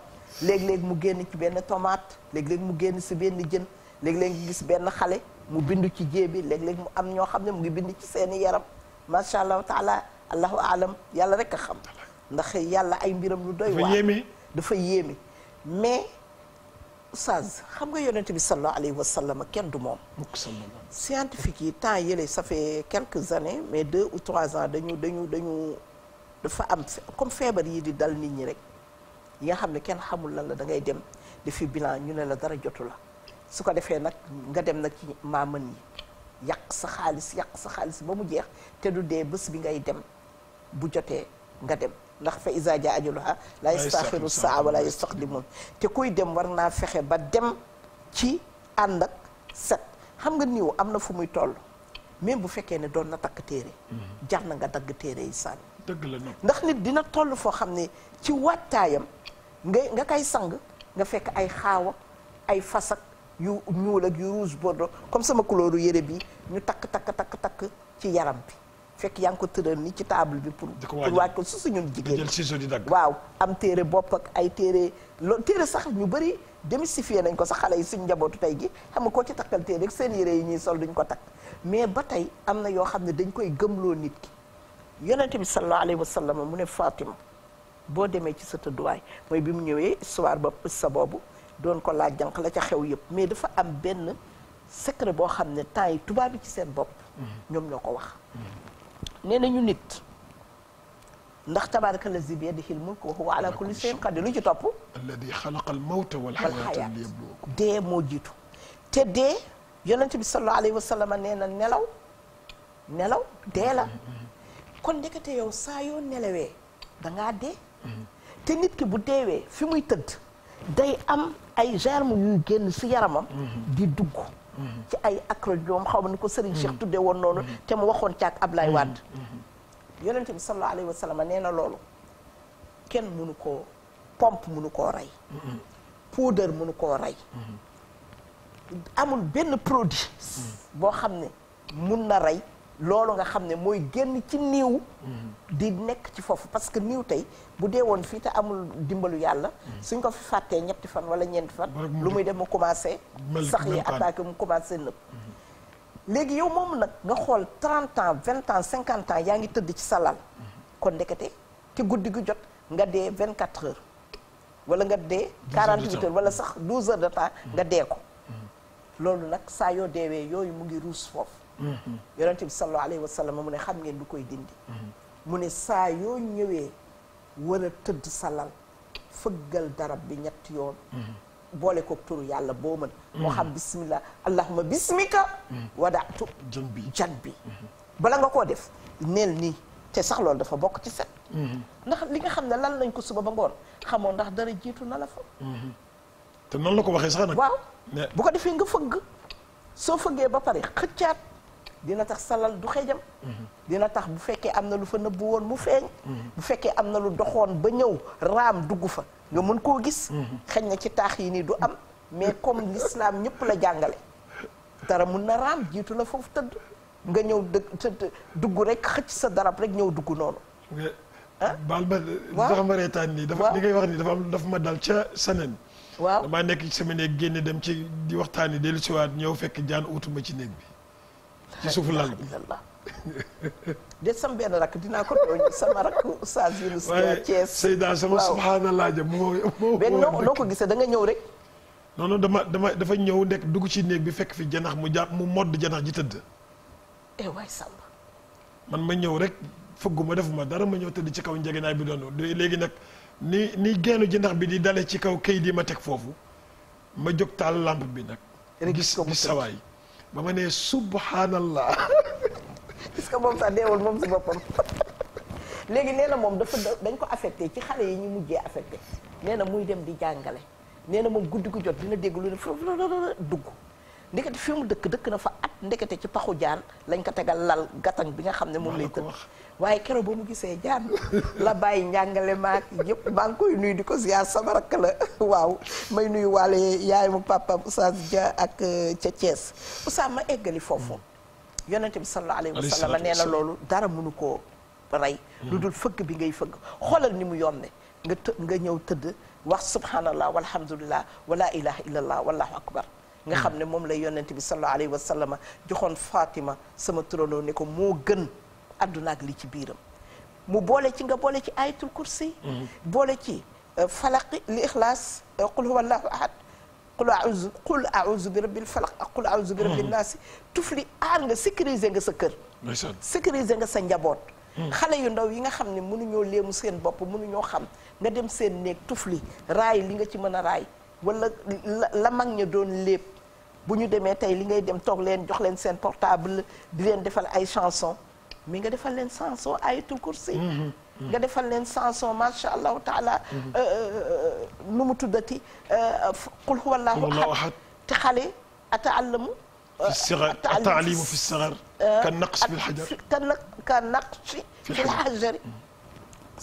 léeg-léeg mu génn ci benn tomate léeg-léeg mu génn si benn jën léeg-léeg nga gis benn xale mu bind ci jée bi léeg-léeg mu am ñoo xam ne mu ngi bind ci seeni yaram macha allah taala allahu alam yàlla rek a xam. ndax yàlla ay mbiram lu doy waar dafa yéeme mais. Oustaz xam nga yonent bi sallallahu alayhi wa sallam kenn du moom. scientifique yi temps yële ça fait quelques années mais deux ou trois ans dañu dañu dañu dafa am comme feebar yi di dal nit ñi rek yi nga xam ne kenn xamul lan la da ngay dem fi bilan ñu ne la dara jotu la su ko defee nag nga dem nag ci maaman yi yàq sa xaalis yàq sa xaalis ba mu jeex te du dee bés bi ngay dem bu jotee nga dem. ndax fa isa ja ajuluha la yastaaxiru saa wala yastaqdimun te kuy dem war naa fexe ba dem ci ànd ak set xam nga niw am na fu muy toll même bu fekkee ne doon na takk téere mhm. jar na nga dagg téere yi sànni dëgg la ndax nit dina toll foo xam ne ci wattaayam nga nga kay sang nga fekk ay xaawa ay fasak yu ñuul ak yu rouge bordeaux comme sama couleur yére bi ñu takk takk takk takk ci yaram bi fekk yaa ngi ko tëral ni ci taable bi pour pour waaj ko su suñun jigéen waaw am téere bopp ak ay téere loolu téere sax ñu bëri démystifié nañ ko sax xale yi suñ njabootu tey gi xam nga koo ci takkal téere rek seen yére yi ñuy sol duñ ko takk mais ba tey am na yoo xam ne dañ koy gëmloo nit ki yonente bi sallallahu alayhi wa sallam mu ne Fatima boo demee ci sa tëdduwaay mooy bi mu ñëwee histoire ba sa boobu doon ko laaj jànq la ca xew yëpp mais dafa am benn secret boo xam ne temps yi tubaab yi ci seen bopp mhm. ñoom ñoo ko wax mhm. nee nañu nit ndax tabaraka lazi bi yadihil mulk wa huwa ala kulli shay'in qadir lu ci topp alladi xalaqa al mawta wal xayaata liyabluwakum dee moo jiitu te dee yonent bi sallallahu alayhi wa sallam nee na nelaw nelaw dee kon ndekete yow saa yoo nelawe danga dee te nit ki bu deewee fi muy tëdd day am ay germe yuy génn si yaramam mhm. di dugg ci ay acronyme xaw ma nu ko Serigne Cheikh tudde woon noonu te mu waxoon ci ak Ablaye Wade yonent bi sallallahu alayhi wa sallam nee na loolu kenn mënu ko pompe mënu koo rey poudre mënu koo rey amul benn produit boo xam ne mun na rey loolu nga xam ne mooy génn ci niiw di nekk ci foofu parce que niiw tey bu dee woon fii te amul dimbalu yàlla mm-hmm. suñ ko fi fàttee ñetti fan wala ñeenti fan lu muy dem mu commencé sax yi attaqué mu commencé nëb mm-hmm. léegi yow moom nag nga xool 30 ans 20 ans 50 ans yaa ngi tëdd ci sa lal mm-hmm. kon ndekete te guddi gu jot nga dee 24 heures wala nga dee 48 wala sax 12 heures de temps nga dee ko loolu nag saa yoo deewee yooyu mu ngi ruus foofu yonent bi sallallahu alayhi wa sallam mu ne xam ngeen du koy dindi mu ne saa yoo ñëwee war a tëdd salal fëggal darab bi ñett yoon boole ko turu yàlla boo mën moo xam bismillah allahuma bismika wadaatu jan bi jan bi bala nga koo def neel nii te sax loolu dafa bokk ci set ndax li nga xam ne lan lañ ko suba ba ngoon xamoon ndax dara jiitu na la fa te noonu ko waxee waaw bu ko defee nga fëgg soo fëggee ba pare xëccaat dina tax salal du xejam mhm. dina tax bu fekkee am na lu fa nëbbu woon mu feeñ mhm. bu fekkee am na lu doxoon ba ñëw raam dugg fa nga mën koo gis mhm. xëy na ci taax yi nii du am mais comme <laughs> l'islam ñëpp la jàngale dara mun na jiitu la foofu tëdd nga ñëw dë dugg rek xëcc sa darab rek ñëw dugg noonu ah baal ma sax ma reetaan nii dafa li ngay wax nii dafa am dafa ma dal ca seneen waaw damaa nekk ci sama néeg génne dem ci di waxtaan yi dellusiwaat ñëw fekk jaan utuma ci néeg bi ci suufu lal bi de sama benn rakk dinaa ko doon sama rakk Oustaz Yunus Thiès Seyda sama subhanallah ja moo benn noo ko gisee da nga ñëw rek non non dama dama dafa ñëw nekk dugg ci néeg bi fekk fi janax mu jàpp mu modd janax ji tëdd eh waay Samba man ma ñëw rek fëgguma defuma dara ma ñëw tëdd ci kaw njegenaay bi doon léegi nag ni ni geenu janax bi di dale ci kaw kayit yi ma teg foofu ma jóg taal lampe bi nag gis gis sawaay ba ma nee subhanallah. est-ce que moom sax deewul moom si boppam. léegi nee na moom dafa dañ ko affecté ci xale yi ñu mujjee affecté nee na muy dem di jàngale nee na moom guddi gu jot dina dégg lu ne fu dugg. ndekete fi mu dëkk dëkk na fa at ndekete ci paxu jaan lañ ko tegal lal gàttan bi nga xam ne moom lay tëdd waaye keroog ba mu gisee jaan <laughs> la bàyyi njàngale maak yëpp baa ngi koy nuyu di ko ziar sama rakk la <laughs> waaw may nuyu waale yaay mu papaam Oustaz Dia ak euh, ca Thiès Oustaz ma eggali foofu yonente bi sallallahu alayhi wa sallam nee na loolu dara mënu koo rey hmm. lu dul fëgg bi ngay fëgg xoolal ni mu yombe nga të nga ñëw tëdd wax subhanallah walhamdulillah wala ilaha illallah wallahu akbar nga hmm. xam ne moom lay yonente bi sallallahu alayhi wa sallam joxoon Fatima sama turandoo ne ko moo gën àdduna ak li ci biiram mu boole ci nga boole ci ayatul kursi mhm. boole ci euh, falaqi li ixlaas euh, qul huwa allahu ahad qul auzu bi rabbil falaq ak qul auzu bi rabbil mhm. naasi tufli aar nga sécuriser nga sa kër sécuriser nga sa njaboot mhm. xale yu ndaw yi nga xam ne mënuñoo léemu seen bopp ñoo xam nga dem seen néeg tufli raay li nga ci mën a raay wala la mag ña doon lépp bu ñu demee tey li ngay dem toog leen jox leen seen portable di leen defal ay chanson mais nga defal leen sanso ayatul kursi mm-hmm. Mm-hmm. nga defal leen sanso macha allahu taala mm-hmm. euh, euh, nu mu tuddati euh, qul huwa allahu ahad te xale ataallamu taalimu fi sagar ka naqs bil xajar ka naqsi fil xajari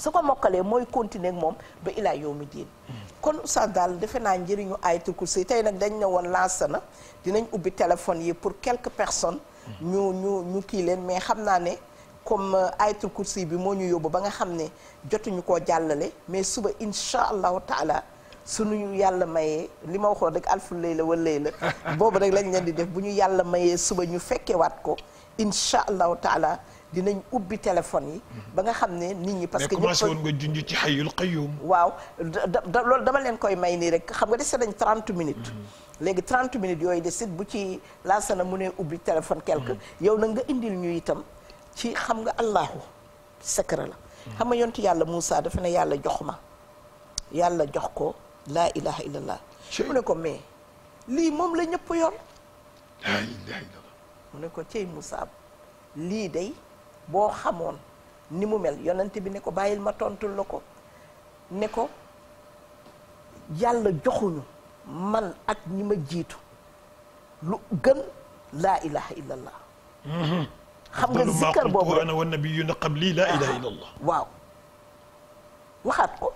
su ko mokkalee mooy continuer ak moom ba ilaa yawmi diin kon oustaz daal defe naa njëriñu ayatul kursi tey nag dañ ne woon lancé na dinañ ubbi téléphone yi pour quelques personnes ñu ñu ñu kii leen mais xam naa ne comme euh, ayatul kursi bi moo ñu yóbbu ba nga xam ne jotuñu koo jàllale mais suba incha allahu taala ñu yàlla mayee li ma waxoon rek alfu lay la wala lay <laughs> la boobu rek lañ leen di def bu ñu yàlla mayee suba ñu fekkewaat ko incha allahu taala dinañ ubbi téléphone yi mhm. ba nga xam ne nit ñi parce que commencé woon nga junj ci xayul qayyum waaw da loolu dama leen koy may nii rek xam nga dese nañ 30 minutes mhm. léegi 30 minutes yooyu des sit bu ci laasana mu ne ubbi téléphone quelque mhm. yow na nga indil ñu itam ci xam nga allahu secret la xam nga yontu yàlla musaa dafa ne yàlla jox ma yàlla jox ko laa ilaha illallah mu ne ko mais lii moom la ñëpp yor mu ne ko cey musaab lii day boo xamoon ni mu mel yonent bi ne ko bàyyil ma tontul la ko ne ko yàlla joxuñu man ak ñi ma jiitu lu gën laa ilaha illallah mm-hmm. xam nga zikkar boobu rek ana wa nabiyuna qabli laa ilaha illa allah ah, waaw waxaat ko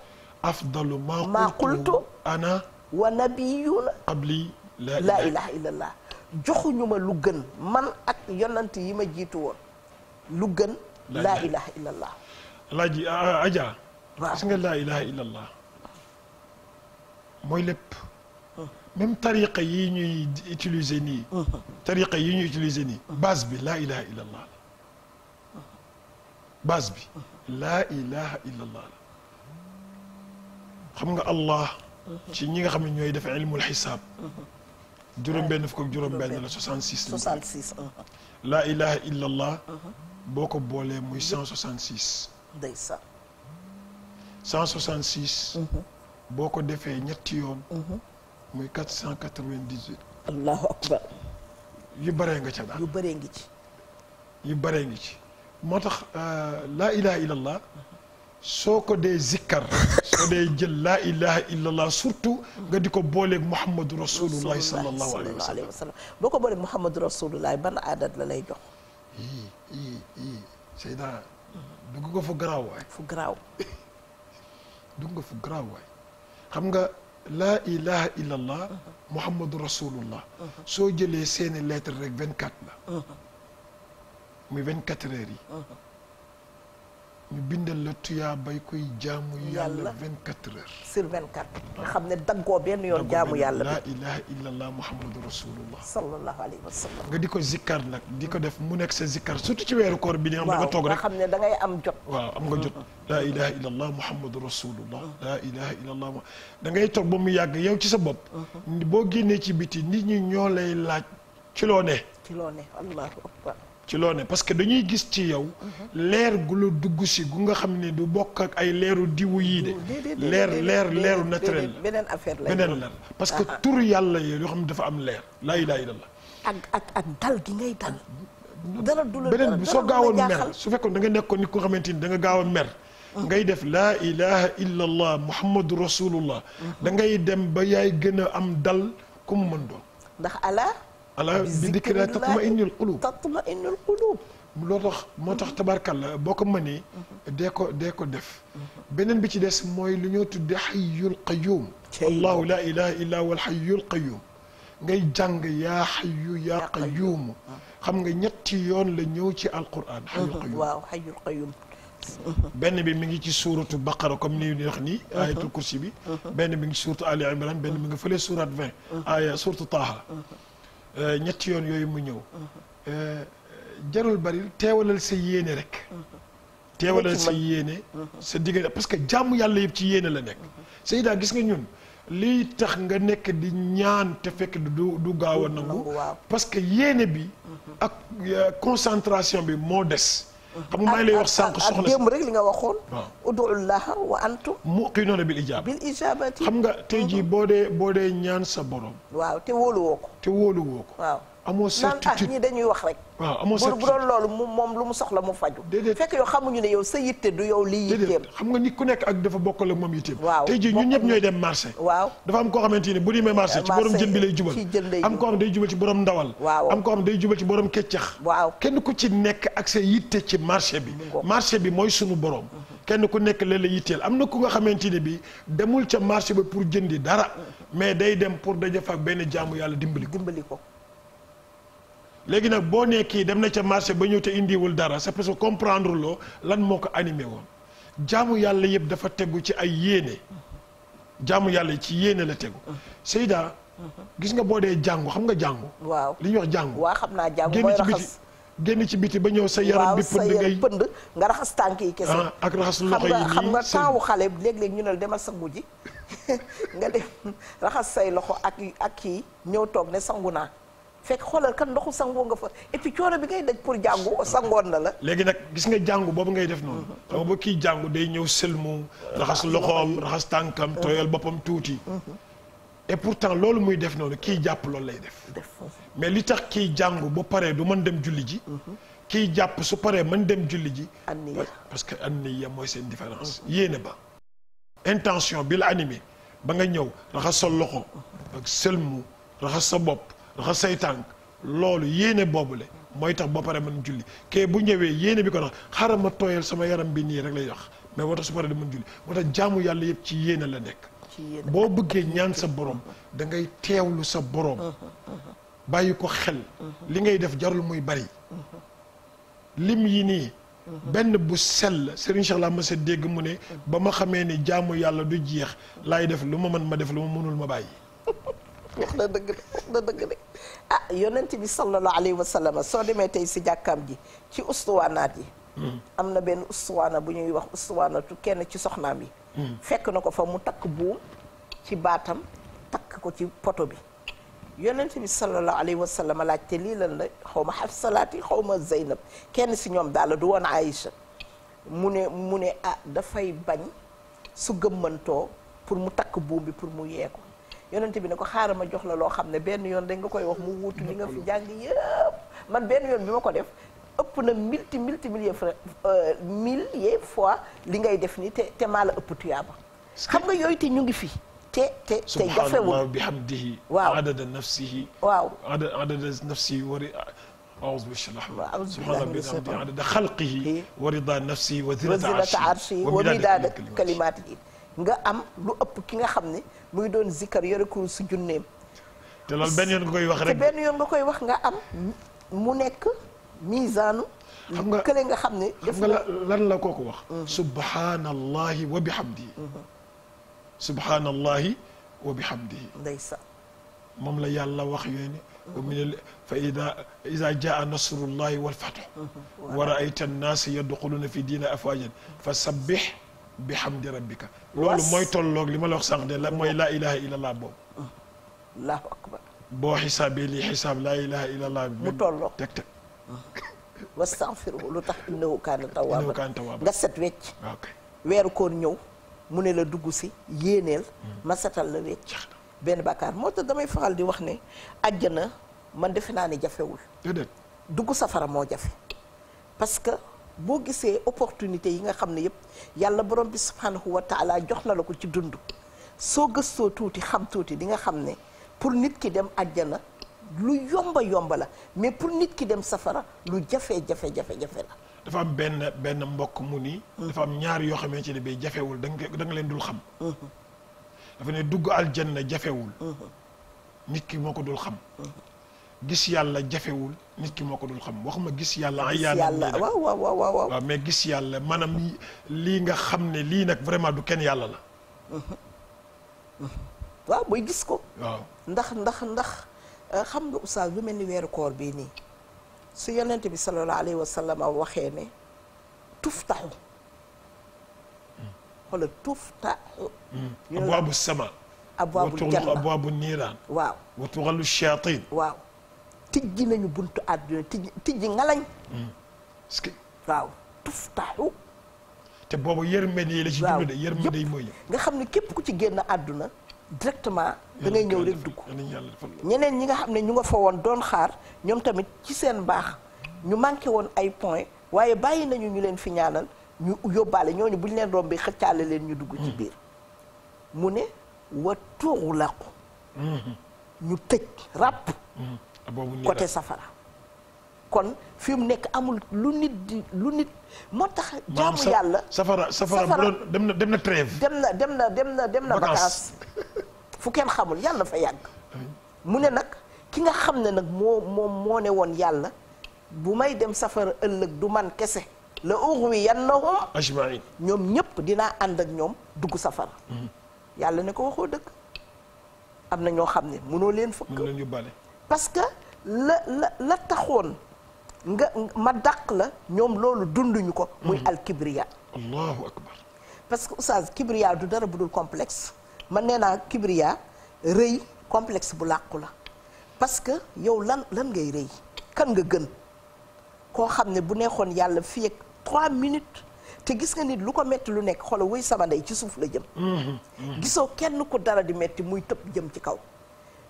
afdalu maa qultu ana wa nabiyuna qabli laa ilaha illa allah joxuñu ma lu gën man ak yonant yi ma jiitu woon lu gën laa ilaha illa allah laaji aja gis nga laa ilaha illa allah mooy lépp même tariqa yi ñuy utilise nii. Uh-huh. tariqa yi ñu utiliser nii. Uh-huh. base bi laa ilaha illallah la uh-huh. base bi la ilaha illallah xam nga Allah. ci ñi nga xam ne ñooy def ilmul xisaab. juróom-benn fukk ak juróom-benn la 66. 66 laa ilaha boo ko boolee muy 166. ndeysaan. 166. boo ko defee ñetti yoon. muy quatre cent quatre vingt dix huit. allahu akbar. yu bëree nga ca daal yu bëree ngi ci. ngi ci moo tax euh, laa ilaha illallah soo ko dee zikkar soo dee jël la ilaha illallah surtout nga di ko booleeg Muhammadu rasulullahi sallallahu alayhi wa sallam boo ko booleeg Muhammadu rasulullahi ban aadat la lay jox. yii yii yii Seyda. dugg fu garaaw waay. fu garaaw. <laughs> nga fu garaaw waay laa ilaha illallah muhammadu rasulullah soo jëlee seeni lettre rek vingt quatre la uh-huh. muy vingt quatre heures yi uh-huh. ñu bindal la tuyaa bay koy jaamu yàlla vingt quatre heures sur vingt quatre nga xam ne daggoo benn yoon jaamu yàlla bi laa ilaha illa allah muhammadu rasulullah sallallahu alayhi wa sallam nga di ko zikkar nag di ko def mu nekk sa zikkar surtout ci weeru koor bi ni am da nga toog rek nga xam ne da ngay am jot waaw am nga jot mm-hmm. laa ilaha illa allah muhammadu rasulullah mm-hmm. laa ilaha illa allah da ngay toog ba mu yàgg yow ci sa bopp mm-hmm. boo génnee ci biti nit ñi ñoo lay laaj ci loo ne ci loo ne allahu akbar ci loo ne parce que dañuy gis ci yow leer gu la dugg si gu nga xam ne du bokk ak ay leeru diwu yii de leer leer leeru naturel beneen affaire la beneen la que ah, ah. tur yàlla yi yoo xam ne dafa am leer laa ilaaha illallaah ak ak ak dal gi ngay dal dara du la beneen soo gaawoon mer su fekkoon da nga nekkoon nit ko xamante ni danga nga gaaw a mer mm. ngay def laa ilaha illa allah muhammadu rasulullah mm-hmm. da ngay dem ba yaay gën a am dal ku mu mën doon ala bi dikra tatma innul qulub tatma innul qulub loo tax moo tax tabarkalla boo ko mënee dee ko dee ko def beneen bi ci des mooy lu ñoo tudde xayyul qayuum allahu la ilaha illa wal xayyul qayuum ngay jàng yaa xayyu yaa qayuum xam nga ñetti yoon la ñëw ci alquran xayyul mm-hmm. qayuum waaw xayyul qayuum mm-hmm. benn bi mi ngi ci suuratu baqara comme ni ñu wax nii mm-hmm. ayatul kursi bi benn bi ngi ci suuratu ali imran benn bi nga fële surat 20 aya suuratu taaha Euh, ñetti yoon yooyu mu ñëw uh-huh. euh, jarul bari teewalal sa yéene rek uh-huh. teewalal sa yéene uh-huh. sa diggante parce que jàmm yàlla yëpp ci yéene la nekk Seyda gis nga ñun li tax nga nekk di ñaan te fekk du du gaaw a nangu parce que yéene bi ak euh, concentration bi moo des xam nga maa ngi lay wax sànq soxna si démb rek li nga waxoon. waaw udullaha wa antu. muqinuuna bil ijaaba. ijaabati xam nga tey jii boo dee boo dee ñaan sa borom. waaw te wóoluwoo ko. te wóolu woo ko. waaw amoo ah, certitude ñi dañuy wax rek. waaw amoo certitude bu loolu moom lu mu soxla mu faju fekk yow xamuñu ne yow sa yitte du yow lii yitteem. xam nga nit ku nekk ak dafa bokk ak moom yitteem. waaw tey jii ñëpp ñooy dem marché. waaw dafa am koo xamante ni bu demee marché. ci borom jën bi lay jubal am koo xam day jubal ci borom ndawal. waaw am koo xam day jubal ci borom keccax. waaw kenn ku ci nekk ak sa yitte ci marché bi. marché bi mooy sunu borom. kenn ku nekk leen la yitteel am na ku nga xamante ne bi demul ca marché ba pour jëndi dara mais day dem pour daje fa ak benn jaamu yàlla dimbali ko dimbali ko léegi nag boo nekkee dem na ca marché ba ñëw te indiwul dara c'est parce comprendre loo lan moo ko animé woon jaamu yàlla yëpp dafa tegu ci ay yéene jaamu yàlla ci yéene la tegu Seyda mhm. gis nga boo dee jàngu xam nga jàngu waaw li ñuy wax jàngu waa xam naa jàngu mooy raxas génn ci biti ba ñëw sa yaram bi pënd ngay pënd nga raxas tànk yi kese ah, ak raxas loxo yi nii xam nga taawu xale léeg-léeg ñu ne demal sangu ji <laughs> nga dem raxas say loxo ak ak kii ñëw toog ne sangu naa fekk xoolal kan ndoxu sangoo nga fa et puis bi ngay daj pour jàngu sangoon na la léegi nag gis nga jàngu boobu ngay def noonu mhm. xam nga ba kii jàngu day ñëw sëlmu raxas ah, loxoom raxas tànkam mhm. tooyal boppam tuuti mhm. et pourtant loolu muy def noonu kii jàpp loolu lay def mais li tax kiy jàngu ba paree du man dem julli ji kiy jàpp su paree man dem julli ji parce que anniya mooy seen différence yéene ba intention bi la animé ba nga ñëw raxas sa loxo ak sëlmu raxas sa bopp raxas say tànk loolu yéene boobule mooy tax ba pare man julli kay bu ñëwee yéene bi ko tax xaaral ma tooyal sama yaram bi nii rek lay wax mais moo tax su paree du mën julli moo tax jaamu yàlla yëpp ci yéene la nekk boo bëggee ñaan sa borom da ngay teewlu sa borom uh-huh, uh-huh. bàyyi ko xel li ngay def jarul muy bari lim yi nii benn bu sell Serigne Cheikh laa dégg mu ne ba ma xamee ni jaamu yàlla du jeex laay def lu ma mën ma def lu ma mënul ma bàyyi <laughs> wax na dëgg de wax ah yonent bi sallallahu alayhi wa sallam soo demee tey si jàkkaam ji ci ustuwaanaat yi hmm. am na benn ustuwaana bu ñuy wax ustuwaanatu kenn ci soxnaam yi hmm. fekk na ko fa mu takk buum ci baatam takk ko ci poto bi yonent bi sallallahu alayhi wa sallam laajte lii lan la xaw ma yi xaw ma Zeynab kenn si ñoom daal du a ay Aïcha mu ne mu ne ah dafay bañ su gëmmantoo pour mu takk buum bi pour mu yeeku yonent bi ne ko xaaral ma jox la loo xam ne benn yoon dañ nga koy wax mu wuutu li nga fi jàng yëpp man benn yoon bi ma ko def ëpp na multi multi milliers fois euh, milliers fois li ngay def nii te te maa la ëpp tuyaaba xam nga yooyu te ñu ngi fi. te te te jafewul subhanallah bihamdihi waaw adada nafsihi waaw adada nafsihi wari أعوذ بالله سبحان ربي الحمد عدد خلقه ورضا نفسه وزنة عرشه ومداد كلماته nga am lu ëpp ki nga xam ne muy doon zikkar yore ku su junneem te loolu benn yoon nga koy wax rek te benn yoon nga koy wax nga am mu nekk miisaanu kële nga xam ne def nga lan la kooku wax mhm. subhanallahi wa bihamdihi mhm. subhaanallahi wa bihamdihi ndeysaan moom la yàlla wax yooyu ne wa min fa ida ida jaa nasrullahi walfathu wa raayta annaasa yadxuluuna fi diina afwaajan fa sabbih bihamdi rabbika loolu mooy tolloog li ma la wax sànq de la mooy laa ilaha illa allah boobu allahu akbar boo xisaabee lii xisaab laa ilaha illa allah mu tolloo teg teg wastaxfiruhu lu tax innahu kaana tawaaban nga set wecc ah, weeru koor ñëw mu ne la dugg si yéeneel ma setal la wecc benn bàkkaar moo tax damay faral di wax ne àjjana man defe naa ne jafewul dugg safara moo jafe parce que boo gisee opportunité yi nga xam ne yëpp yàlla borom bi subhanahu wa jox na la ko ci dund soo gëstoo tuuti xam tuuti di nga xam ne pour nit ki dem àjjana lu yomba yomba la mais pour nit ki dem safara lu jafe jafe jafe jafe la dafa am benn benn mbokk mu ni. dafa am ñaar yoo xamante ne bii jafewul da nga da nga leen dul xam. dafa ne dugg aljanna jafewul. nit ki moo ko dul xam. gis yàlla jafewul nit ki moo ko dul xam waxuma gis yàlla. ay yàlla waaw waaw waaw waaw mais gis yàlla maanaam lii nga xam ne lii nag vraiment du kenn yàlla la. waaw booy gis ko. waaw ndax ndax ndax euh, xam nga oustaz lu mel ni weeru koor bii nii. su yonent bi sallallahu alayhi wa sallam waxee ne tuftaxu xoola tuftaxu mm. abwaabu sama abwaabu janna abwaabu niiraan waaw wa tuxalu shayatin waaw nañu buntu àdduna tijji tijji ngalañ mm. que waaw tuftaxu te boobu yërmande yi la ci jublu de yërmande yi nga xam ne képp ku ci génn àdduna directement da ngay ñëw rek dugg ñeneen ñi nga xam ne ñu nga fa woon doon xaar ñoom tamit ci seen baax ñu manqué woon ay point waaye bàyyi nañu ñu leen fi ñaanal ñu yóbbaale ñooñu buñ leen rombee xëccaale leen ñu dugg ci hmm. biir mu ne wa tuuru làqu ñu tëj ràpp hmm. côté safara kon fi mu nekk amul lu nit di lu nit moo tax jaamu yàlla safara safara bu doon dem na dem na trêve dem na dem na dem na dem na <laughs> fu kenn xamul yàlla fa yàgg mu ne nag ki nga xam ne nag moo moom moo ne woon yàlla bu may dem safara ëllëg du man kese la uxwi yannahum ajmain ñoom ñëpp dinaa ànd ak ñoom dugg safara yàlla ne ko waxoo dëgg am na ñoo xam ne mënoo leen fëkk parce que la la taxoon nga ma dàq la ñoom loolu dunduñu ko muy mm-hmm. alkibriya allahu akbar parce que oustaz kibriya du dara budul complexe man nee naa kibriya rëy complexe bu làqu la parce que yow lan lan ngay rëy kan nga gën koo xam ne bu neexoon yàlla fii ak trois minutes te gis nga nit lu ko metti lu nekk xoolal wuy sama ndey ci suuf la jëm mm-hmm. Mm-hmm. gisoo kenn ku dara di metti muy tëb jëm ci kaw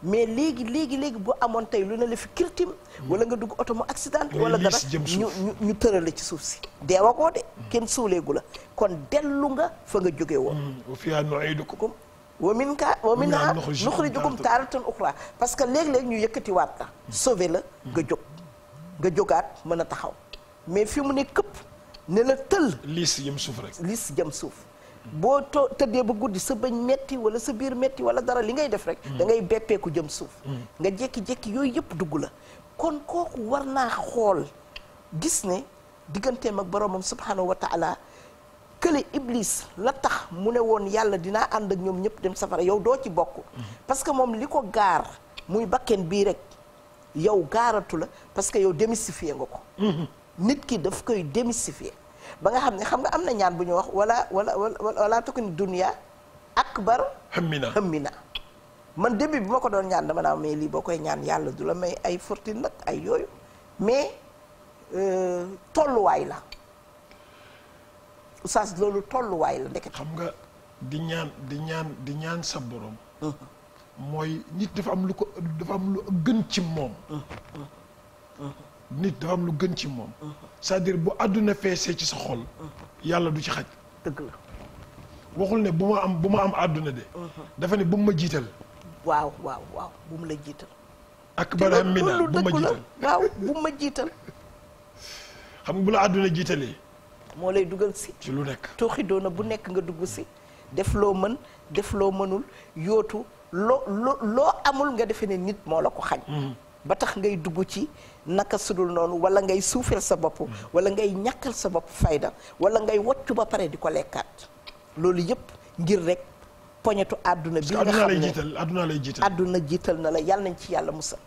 mais léegi léegi léegi boo amoon tey lu ne la fi kirtim mm-hmm. wala nga dugg oto mu accident wala dara ñu ñu tërale ci suuf si deewa koo de kenn suuleegu la kon dellu nga fa nga jóge woon wa fiihaa nu'iidukum wa min ka wa min ha nuxrijukum taaratan uxra parce que léeg-léeg ñu yëkkatiwaat la sauvé la nga jóg nga jógaat mën a taxaw mais fi mu ne këpp ne la tël liis jëm suuf rek liis jëm suuf boo too tëddee ba guddi sa bëñ metti wala sa biir metti wala dara li ngay def rek mm. da ngay beppeeku jëm suuf mm. nga jékki-jékki yooyu yëpp dugg la kon kooku war naa xool gis ne digganteem ak boromam subhanahu wa taala kële iblis la tax mu ne woon yàlla dinaa ànd ak ñoom ñëpp dem safara yow doo ci bokk parce que moom li ko gaar muy bakken bii rek yow gaaratu la parce que yow démystifier nga ko nit ki daf koy démystifier ba nga xam ne xam nga am na ñaan bu ñu wax wala wala wala tukuni dunia akbar hammina hammina man début bi ma ko doon ñaan dama naa may lii boo koy ñaan yàlla du la may ay fortune nag ay yooyu mais euh, tolluwaay la oustaz loolu tolluwaay la ndeket xam nga di ñaan di ñaan di ñaan sa boroom uh-huh. mooy nit dafa am lu ko dafa am lu gën ci moom uh-huh. Uh-huh. nit dafa am lu gën ci moom cest à bu àdduna feesee ci sa xol yàlla du ci xaj dëgg la waxul ne bu ma am bu ma am àdduna de dafa ne bu ma jiital waaw waaw waaw bu mu la jiital ak baraam mina bu ma jiital waaw bu ma jiital <laughs> xam nga bu la àdduna jiitalee moo lay dugal si ci lu nekk tooxi doona bu nekk nga dugg si def loo mën def loo mënul yootu loo loo amul nga defe ne nit moo la ko xañ mm-hmm. ba tax ngay dugg ci naka sudul noonu wala ngay suufeel sa bopp mm-hmm. wala ngay ñàkkal sa bopp fayda wala ngay woccu ba pare di ko lekkaat loolu yëpp ngir rek poñetu àdduna bi nga xam ne àdduna lay jiital àdduna jiital na la yàlla nañ ci yàlla musal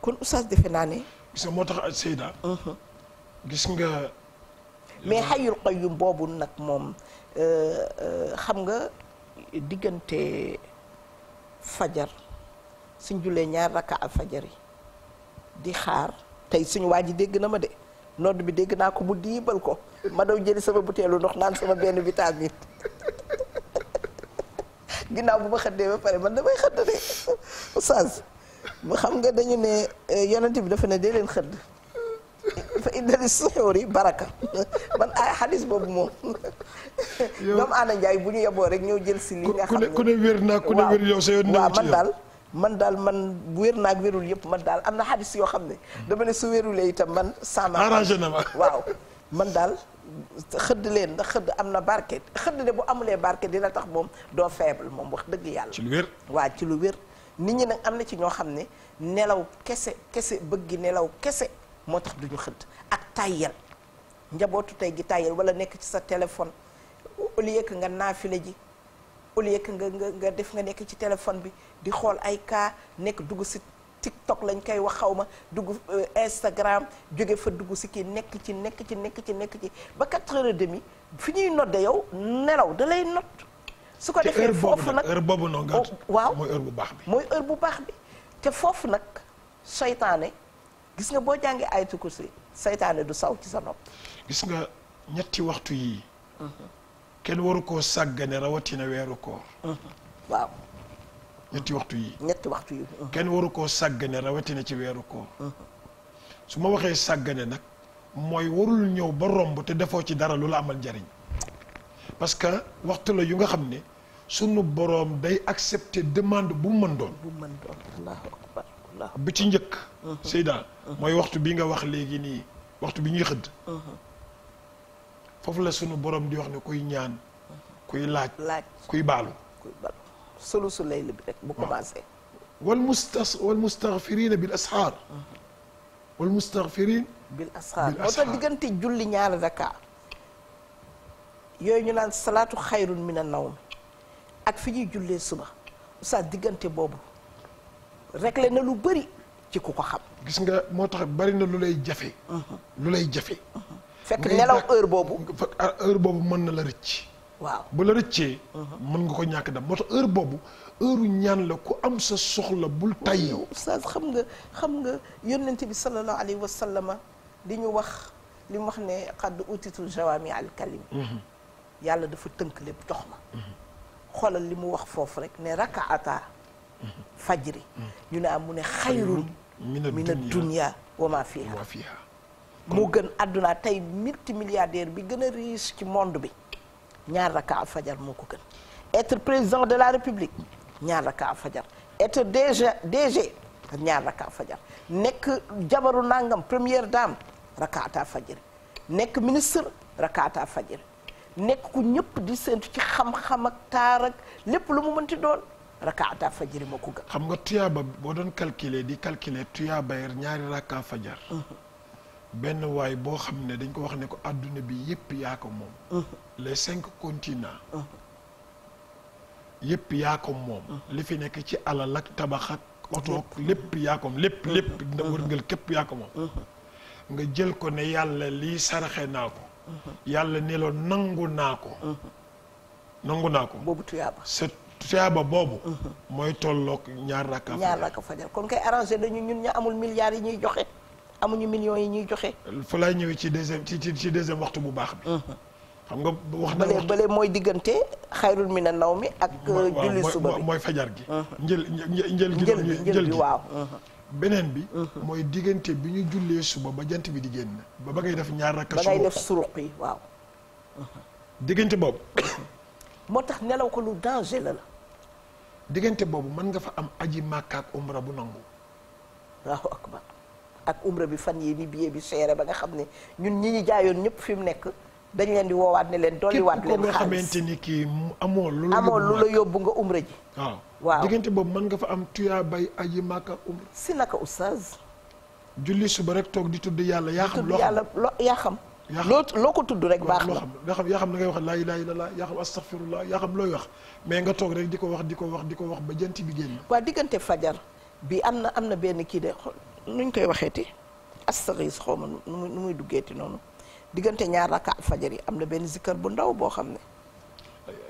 kon oustaz defe naa ne gis nga moo tax Seyda uh-huh. gis nga mais xayul qayyum boobu nag moom euh, euh, xam nga diggante fajar suñ julee ñaar rakka al fajar yi di xaar tey suñu waa ji dégg na ma de nodd bi dégg naa ko bu diibal ko ma daw jëli sama buteelu ndox naan sama benn vitamine <laughs> ginnaaw bu ma xëddee ba pare man damay xëdd de <laughs> oustaz xam nga dañu ne euh, yonent bi dafa ne dee leen xëdd indali suxuuri baraka man ay ah, xadis boobu moom ñoom Anna Ndiaye bu ñu yeboo rek ñëw jël si li nga xam ne ku ne wér ku ne wér yow man daal man daal man wér naag wérul yëpp man daal am na xadis yoo xam ne dama ne su itam man sama na ma <laughs> man daal xëdd leen ndax xëdd am na barke xëdd de bu amulee barke dina tax moom doo faible moom wax dëgg yàlla ci wér waaw ci lu wér nit ñi nag am na ci ñoo xam ne nelaw kese kese bëggi nelaw kese moo tax duñu xëdd ak tàyyel njabootu tey gi tàyyel wala nekk ci sa téléphone au lieu que nga naafile ji au lieu que nga nga def nga nekk ci téléphone bi di xool ay cas nekk dugg si TikTok lañ koy wax xaw ma dugg euh, Instagram jóge fa dugg si kii nekk ci nekk ci nekk ci nekk ci ba 4 heures et demi fi ñuy nodde yow nelaw da lay su ko defee foofu nag boobu nag heure oh, waaw bu baax bi. mooy heure bu baax bi te foofu nag seytaane gis nga boo jàngee ayatul kursi seytaane du saw ci sa nopp gis nga ñetti waxtu yii kenn waru koo sàggane rawatina weeru koor waaw ñetti waxtu yii ñetti waxtu uh-huh. kenn waru koo sàggane rawatina ci weeru koor uh-huh. su ma waxee sàggane nag mooy warul ñëw ba romb te defoo ci dara lu la amal njariñ parce que waxtu la yu nga xam ne sunu borom day accepter demande bu mu mën doon bu mën bi ci njëkk Seyda mooy waxtu bi nga wax léegi nii waxtu bi ñuy xëdd foofu la sunu borom di wax ne kuy ñaan kuy laaj laaj kuy baalu kuy baalu solu su lay bi rek bu commencé wal mustas wal mustaghfirina wal mustaghfirin diggante julli ñaari raka yooyu ñu naan salaatu xayrun mina nawm ak fi ñuy jullee suba oustaz diggante boobu réglé na lu bëri ci ku ko xam. gis nga moo tax bari na lu lay jafe. lu lay jafe. fekk nelaw heure boobu. fekk ah, heure boobu mën na la rëcc. waaw bu la rëccee. mën nga ko ñàkk dem moo tax heure boobu heure ñaan la ku am sa soxla bul tayyi. oustaz xam nga xam nga yónnent bi sallallahu alayhi wa sallama li ñu wax li mu wax ne xadd utitu jawaami al mhm. yàlla dafa tënk lépp jox ma. Mhm. xoolal li mu wax foofu rek ne rakaata fajri ñu ne am mu ne xayrun mina dunya wa ma fiha moo gën àdduna tey multimilliardaire bi gën a riche ci monde bi ñaar raka al fajar moo ko gën être président de la république ñaar raka al fajar être DG ñaar raka al fajar nekk jabaru nangam première dame rakaata fajar nekk ministre rakaata fajar nekk ku ñëpp di séentu ci xam-xam taar ak lépp lu mu mënti doon rakaata fajiri ma ko gën xam nga tuyaaba boo doon calculer di calculer tuyaaba yi ñaari rakka fajar mhm. benn waay boo xam ne dañ ko wax ne ko àdduna bi yëpp yaa ko moom mhm. les mhm. moom li fi nekk ci alal ak tabax ak oto lépp yaa ko moom lépp lépp dina wërngal képp yaa ko moom nga jël ko ne yàlla lii saraxe naa ko yàlla ni nangu naa ko nangu naa ko boobu tuyaaba boobu. mooy tolloog ñaar rakka. a rakka fajar kon koy arrangé dañu ñun ñu amul milliards yi ñuy joxe amuñu millions yi ñuy joxe. fa laay ñëwee ci deuxième ci ci deuxième waxtu bu baax bi. Mhm. xam nga wax na bële mooy diggante xayrul mi na mi ak. Euh, mooy fajar gi. Mhm. njël njël gi njël gi waaw. beneen bi. Mhm. mooy diggante bi ñu jullee suba ba jant bi di génn. ba ba def ñaar rakka suba ba ngay def suruq <coughs> tax nelaw ko lu danger la la. diggante boobu mën nga fa am aji màkka ak umra bu nangu ak umra bi fan yii ni billet bi seere ba nga xam ne ñun ñi ñu jaayoon ñëpp fi mu nekk dañ leen di woowaat ne leen dolliwaat leen nga xamante ni kii amoo lu la amoo yóbbu nga umra ji waaw waaw diggante boobu mën nga fa am tuyaa bay aji màkka ak umra si naka oustaz julli suba rek toog di tudd yàlla yaa xam loo xam yàlla yaa xam loo loo ko tudd rek baax na nga xam yaa xam na ngay wax laa ilaaha illallaah yaa xam astaghfirullah yaa xam looy wax mais nga toog rek di ko wax di ko wax di ko wax ba jant bi génn waa diggante fajar bi am na am na benn kii de nuñ koy waxeeti astaghis xaw ma nu muy duggee ti noonu diggante ñaar rakka fajar yi am na benn zikkar bu ndaw boo xam ne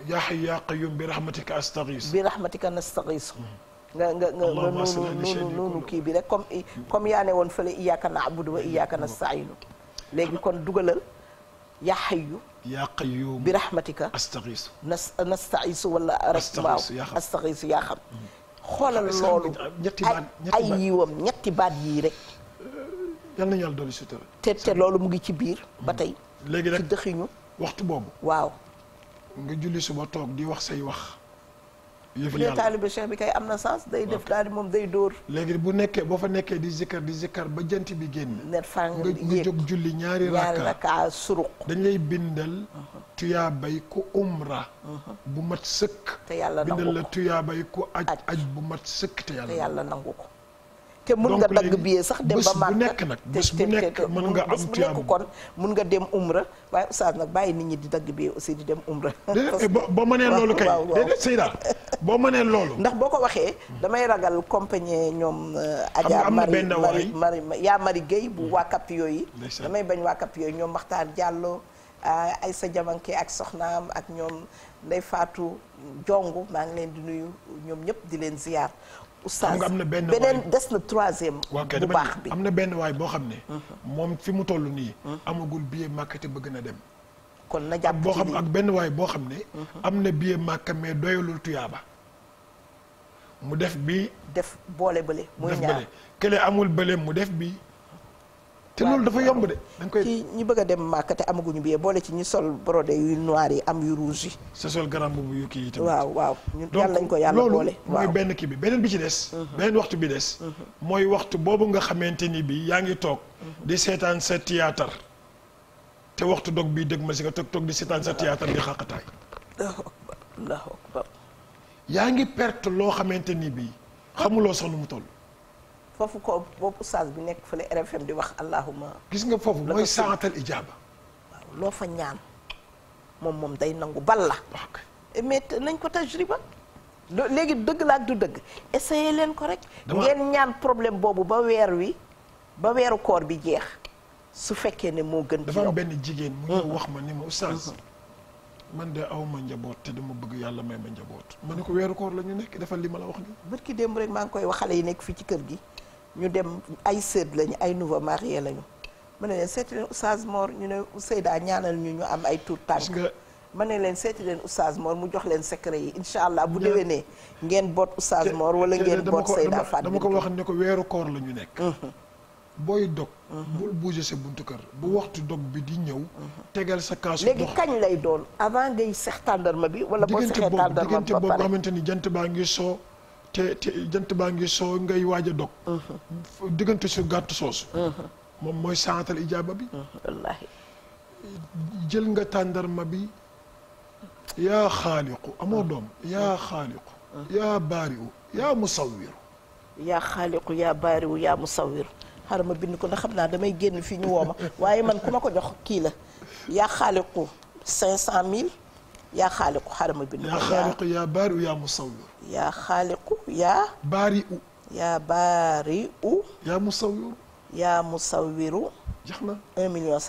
yaa hayyu yaa qayyum bi rahmatika astaghis bi rahmatika nastaghis hmm. nga nga nga noonu noonu kii bi rek comme comme yaa ne woon fële iyyaaka na'budu wa iyyaaka nasta'iin léegi kon dugalal yaa xayu yaa qayyum bi rahmatika astaxiisu nas nastaxiisu wala rek waaw astaxiisu yaa xam hmm. xoolal loolu ay yiwam ñetti baat yii rek euh, yal nañu yàlla dolli sutura te te loolu mu ngi ci biir ba tey léegi rek ci dëxiñu waxtu boobu waaw nga julli suba toog di wax say wax yëf yàlla bu dee bi kay am na sens day def daal moom day door léegi bu nekkee boo fa nekkee di zikkar di zikkar ba jant bi génn. net fàng nga nga jóg julli ñaari. ñaari rakka suruq dañ lay bindal. Uh-huh. tuyaabay ku umra. Uh-huh. bu mat sëkk. te yàlla nangu ko bindal la bu mat sëkk te yàlla nangu ko. te mun nga dagg billet sax dem ba màkk nekk nag bés bu nekk nga am ci kon mun nga dem umra waaye oustaz nag bàyyi nit ñi di dagg billet aussi di dem umra <laughs> eh, boo mënee loolu kay déedéet Seyda boo mënee loolu ndax boo ko waxee damay ragal compagnie ñoom euh, Adja Mari Mari yaa Mari Gueye bu hmm. waakap yooyu damay bañ waakap yooyu ñoom Maxtaar Diallo euh, ay sa jamanke ak soxnaam ak ñoom Ndey Faatu jong maa ngi leen di nuyu ñoom ñëpp di leen ziyaar oustaz beneen des na troisième bu baax am na benn waay boo xam ne mhm. moom fi mu toll nii mhm. amagul billet màkk te bëgg na dem kon na jàpp boo xam ak benn waay boo xam ne mhm. am na billet màkk mais doyalul tuyaaba mu def bi def boole bële muy ñaar kële amul bële mu def bi te loolu dafa yomb de dañ koy ci ñi bëgg a dem màkk te amaguñu billet boole ci ñi sol brodé yu noir yi am yu rouge yi. sa sol garam boobu yu kii yi tamit. waaw waaw ñun yàlla nañ ko yàlla boole. mooy benn kii bi beneen bi ci des. Mhm. beneen waxtu bi des. Mhm. mooy waxtu boobu nga xamante ni bi yaa ngi toog. Mhm. di seetaan sa théâtre te waxtu dog bii dëgg ma si nga toog toog di seetaan sa théâtre di xaqataay. allahu akbar yaa ngi perte loo xamante ni bii xamuloo sax nu mu toll. foofu ko boobu oustaz bi nekk fële RFM di wax allahuma gis nga foofu mooy saatal ijaaba waaw loo fa ñaan moom moom day nangu bal la mais nañ ko tajriba léegi dëgg laa ak du dëgg essayé leen ko rek ngeen ñaan problème boobu ba weer wi ba weeru koor bi jeex su fekkee ne moo gën dafa benn jigéen mu ñëw mm-hmm. wax ma ni ma oustaz mm-hmm. man de aw ma njaboot te dama bëgg yàlla may ma njaboot ma ne ko weeru koor la ñu nekk defal li ma la wax ni bërki démb maa ngi koy wax yi nekk fii ci kër gi ñu dem ay seet lañu ay nouveau marié lañu ma ne leen seeti leen oustaz Mor ñu ne Seyda ñaanal ñu ñu am ay tur tànk ma ne leen seeti leen oustaz mu jox leen secret yi incha allah bu déwénee ngeen boot oustaz Mor wala ngeen boot Seyda Fatou dama ko wax ne ko weeru koor la ñu nekk mhm. booy dog mhm. bul bouger sa buntu kër bu waxtu dog bi di ñëw mhm. tegal sa kaasu léegi kañ lay doon avant ngay seex tàndarma bi wala boo seexee tàndarma bi ba pare ni jant baa ngi soo te te jant baa ngi soo ngay waaj a dog uh-huh. diggante su gàtt soosu uh-huh. moom mooy santal ijaaba bi uh-huh. wallaahi jël nga tàndarma bi yaa xaaliqu amoo doom yaa xaaliqu yaa baariwu yaa musawiru yaa xaaliqu yaa baariwu yaa musawiru xaaral ma bind ko ndax xam naa damay génn fii ñu wooma waaye man ku ma ko jox kii la yaa xaaliqu cinq cent mille yaa xaaliqu xaaral ma bind ko yaa xaaliqu yaa baariwu yaa musawiru yaa xaaliqu yaa baari u yaa baari u yaa musawiru yaa musawiru na un million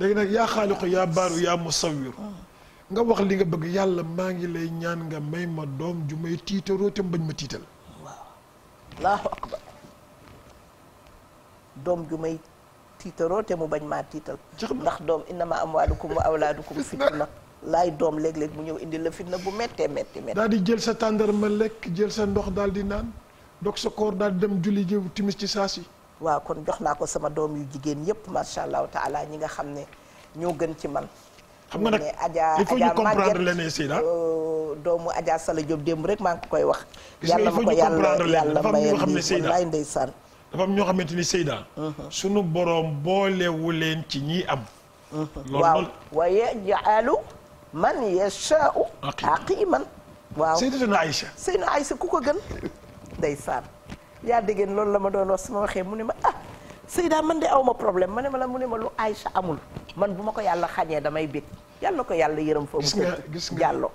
léegi nag yaa xaaliqu yaa baaru yaa musawiru nga wax li nga bëgg yàlla maa ngi lay ñaan nga may ma doom ju may tiitaroo te bañ ma tiital waaw allahu akbar doom ju may tiitaroo te mu bañ maa tiital ndax doom innama amwaalukum wa awlaadukum fitna <laughs> laay doom léeg-léeg mu ñëw indi la fitna bu méttee métti métti. daal di jël sa ma lekk jël sa ndox daal di naan dog sa koor daal dem julli ji timis ci saa si. waaw kon jox naa ko sama doom yu jigéen yëpp macha allahu taala ñi nga xam ne ñoo gën ci man. xam nga nag il faut ñu comprendre leneen euh, doomu Adja Sala Diop démb rek maa ngi koy wax. yàlla ma ko yàlla yàlla mayal di wallaay ndeysaan. dafa am ñoo xamante ni Seyda. Mhm. sunu boroom boolewu leen ci ñi am. Mhm. waaye jaalu. man yashaau aqiman waaw sayyidatuna Aïcha sayyidatuna Aïcha ku ko gën ndeysaan yaa déggeen loolu la ma doon wax su ma waxee mu ne ma ah Seyda man de aw ma problème ma ne ma la mu ne ma lu Aïcha amul man bu ma ko yàlla xañee damay bég yàlla ko yàlla yërëm fa gis nga gis nga jàllo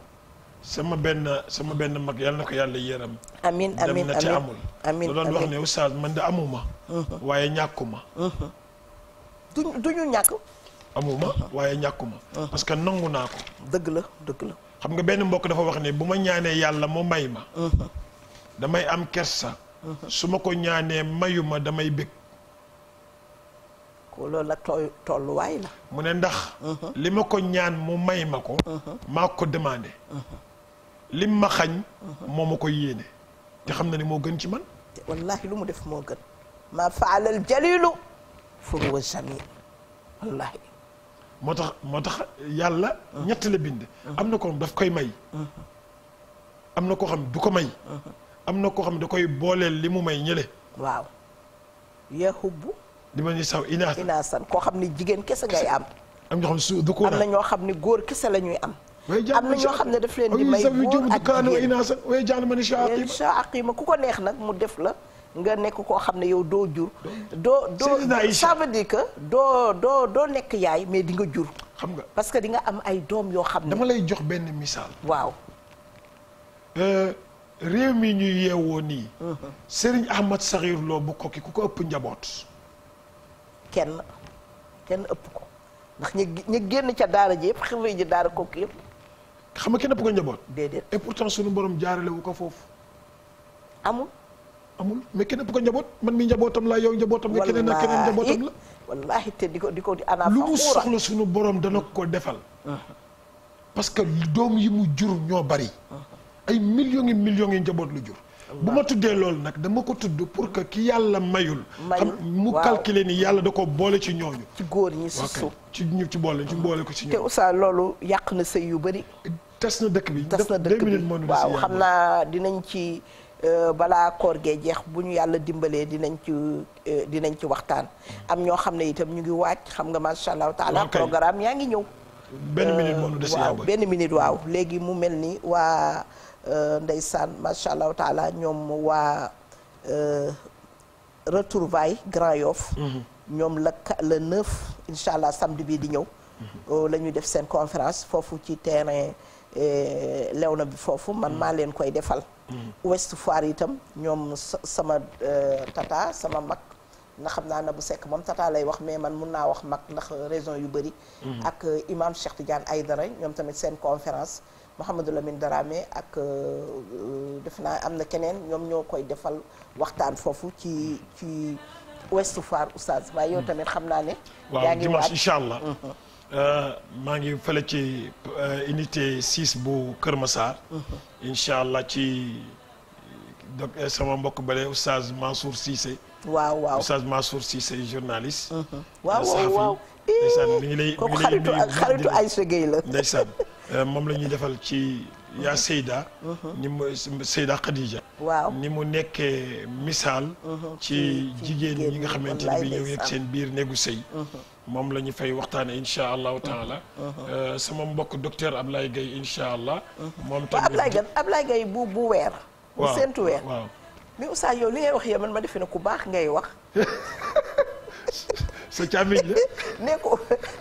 sama benn sama benn mag yàlla na ko yàlla yërëm amin amin dem na ci amul amin doon wax ne oustaz man de amuma mhm. waaye ñàkkuma mhm. duñu duñu ñàkk amuma uh-huh. waaye ñàkkuma uh-huh. parce que nangu naa ko dëgg la dëgg la xam nga benn mbokk dafa wax ne bu ma ñaanee yàlla mu may ma uh-huh. damay am kersa su ma ko ñaanee mayuma damay bëgg ko loolu la tooy tolluwaay la mu ne ndax li ma ko ñaan mu may ma ko maa ko demandé lim ma xañ moo ma ko yéene te xam na ni moo gën ci man wallahi lu mu def moo gën ma faalal jalilu fa huwa jamil wallahi moo tax moo tax yàlla ñett la bind am na ko daf koy may am na koo xam du ko may am na koo xam da koy booleel li mu may ñële waaw yaxubbu li ma ni saw inaasan koo xam ne jigéen kese ngay am am su du ko am na ñoo xam ne góor kese la ñuy am am na ñoo xam ne daf leen di may góor ak jigéen waaye jàll ma ni saa ku ko neex nag mu def la nga nekk koo xam ne yow doo jur. doo doo doo doo doo nekk yaay mais di nga jur. xam nga parce que di nga am ay doom yoo xam ne. dama lay jox benn misaal. waaw. Euh, réew mi ñuy yeewoo nii. Serigne Ahmad Saxiir Lo bu kokki ku ko ëpp njaboot. kenn kenn ëpp ko ndax ñu ñu génn ca daara ji yëpp xëy ji daara kokki yëpp. xam nga kenn ëpp ko njaboot. déedéet et pourtant sunu borom jaarale ko foofu. amul. amul mais kenn bu ko njaboot man mi njabootam laa yow njabootam nga keneen njabootam la te ko di ko di ana lu mu soxla suñu borom dana ko defal parce que doom yi mu jur ñoo bari ay millions yi millions yi njaboot lu jur bu ma tuddee loolu nag dama ko tudd pour que ki yàlla mayul xam mu calculer ni yàlla da ko boole ci ñooñu ci góor ñi si suuf ci ñu ci boole ci mboole ko ci ñooñu te Oustaz loolu yàq na sëy yu bari tas na dëkk bi tas na dëkk bi waaw xam naa dinañ ci Euh, balaa koor gee jeex bu ñu yàlla dimbalee dinañ ci euh, dinañ ci waxtaan am ñoo xam ne itam ñu ngi wàcc xam nga macha allah taala programme yaa ngi ñëw. benn minute euh, waaw benn minute waaw léegi mu mel ni waa ndeysaan macha allah taala ñoom waa retrouvaille Grand Yoff mhm. ñoom la le 9 incha allah samedi bi di ñëw. Mhm. la ñu def seen conférence foofu ci terrain lew na bi foofu man mhm. maa leen koy defal. Ouest Foire yitam ñoom sama euh, tata sama mag ndax xam naa na bu sekk moom tata lay wax mais man mun naa wax mag ndax raison yu bëri. Mm-hmm. ak euh, imam Cheikh ay dara ñoom tamit seen conférence Mouhamadou Lamine Darame ak euh, def naa am na keneen ñoom ñoo koy defal waxtaan foofu ci ci Ouest Foire oustaz waaye yow mm-hmm. tamit xam naa ne. yaa ngi waat waaw Euh, maa ngi fële ci euh, unité 6 bu Kër Massar. Uh-huh. incha allah ci donc euh, sama mbokk bële oustaz Mansour Cissé. waaw waaw oustaz Mansour Cissé journaliste. Uh-huh. waaw waaw waaw ndeysaan mi xaritu xaritu Aïssa Gueye la. ndeysaan <laughs> moom la ñuy defal ci. yaa uh-huh. Seyda. ni mu Seyda Khadija. waaw ni mu nekkee misaal. ci jigéen ñi nga xamante ni bi ñëw yegg seen biir néegu sëy moom la ñu fay waxtaane incha allahu taala euh, sama mbokk docteur ab Gaye incha allah moom tamit Ablaye Gaye Ablaye bu bu weer bu seentu weer waaw mais yow li ngay wax yow man ma defe ne ku baax ngay wax <laughs> sa càmmiñ la <laughs> ne ko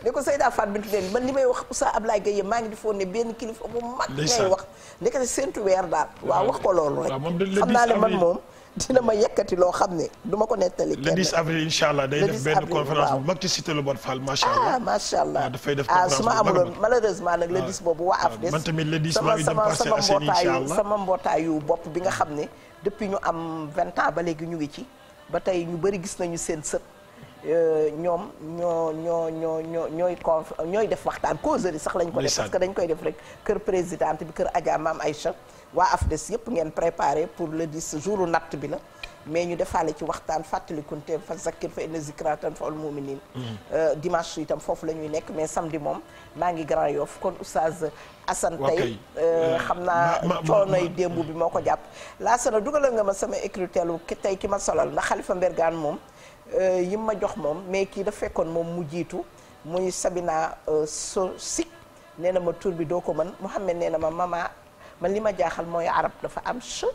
ne ko Seyda Faat man li may wax Oustaz Ablaye Gaye maa ngi di foog ne benn kilifa bu mag ngay wax ndekete seentu weer daal waaw wax ko loolu rek xam naa ne man moom dina ma yekkati loo xam ne du ma ko nettali kenn. le 10 avril incha allah day def benn conférence bu mag ci macha allah. Ah, ah, dafay def ah, conférence bu mag ah su ma amuloon malheureusement nag le 10 boobu waa AFDES. man tamit le 10 maa sama mbootaayu bopp bi nga xam ne depuis ñu am 20 ans ba léegi ñu ngi ci ba tey ñu bëri gis nañu seen sët. Euh, ñoom ñoo ñoo ñoo ñoo ñooy conf ñooy def waxtaan causerie sax lañ ko def parce que dañ koy def rek kër présidente bi kër Adja ay Aïcha waa AFDES yëpp ngeen préparé pour le 10 jouru natt bi la mais ñu defaale ci waxtaan fàttalikunte fa zakir fa inna zikra tanfa'ul mu'minin mm-hmm. euh, dimanche itam foofu la ñuy nekk mais samedi moom maa ngi Grand Yoff kon oustaz Assane tey euh, xam naa coonoy démb bi moo ko jàpp laasana dugalal nga ma sama écriture tey ki ma solal ndax Xalifa Mbergane moom Euh, yi ma jox moom mais kii dafa fekkoon moom mu jiitu muy Sabina euh, so sik nee na ma tur bi doo ko mën Mouhamed nee na ma mama man li ma jaaxal mooy arab dafa am che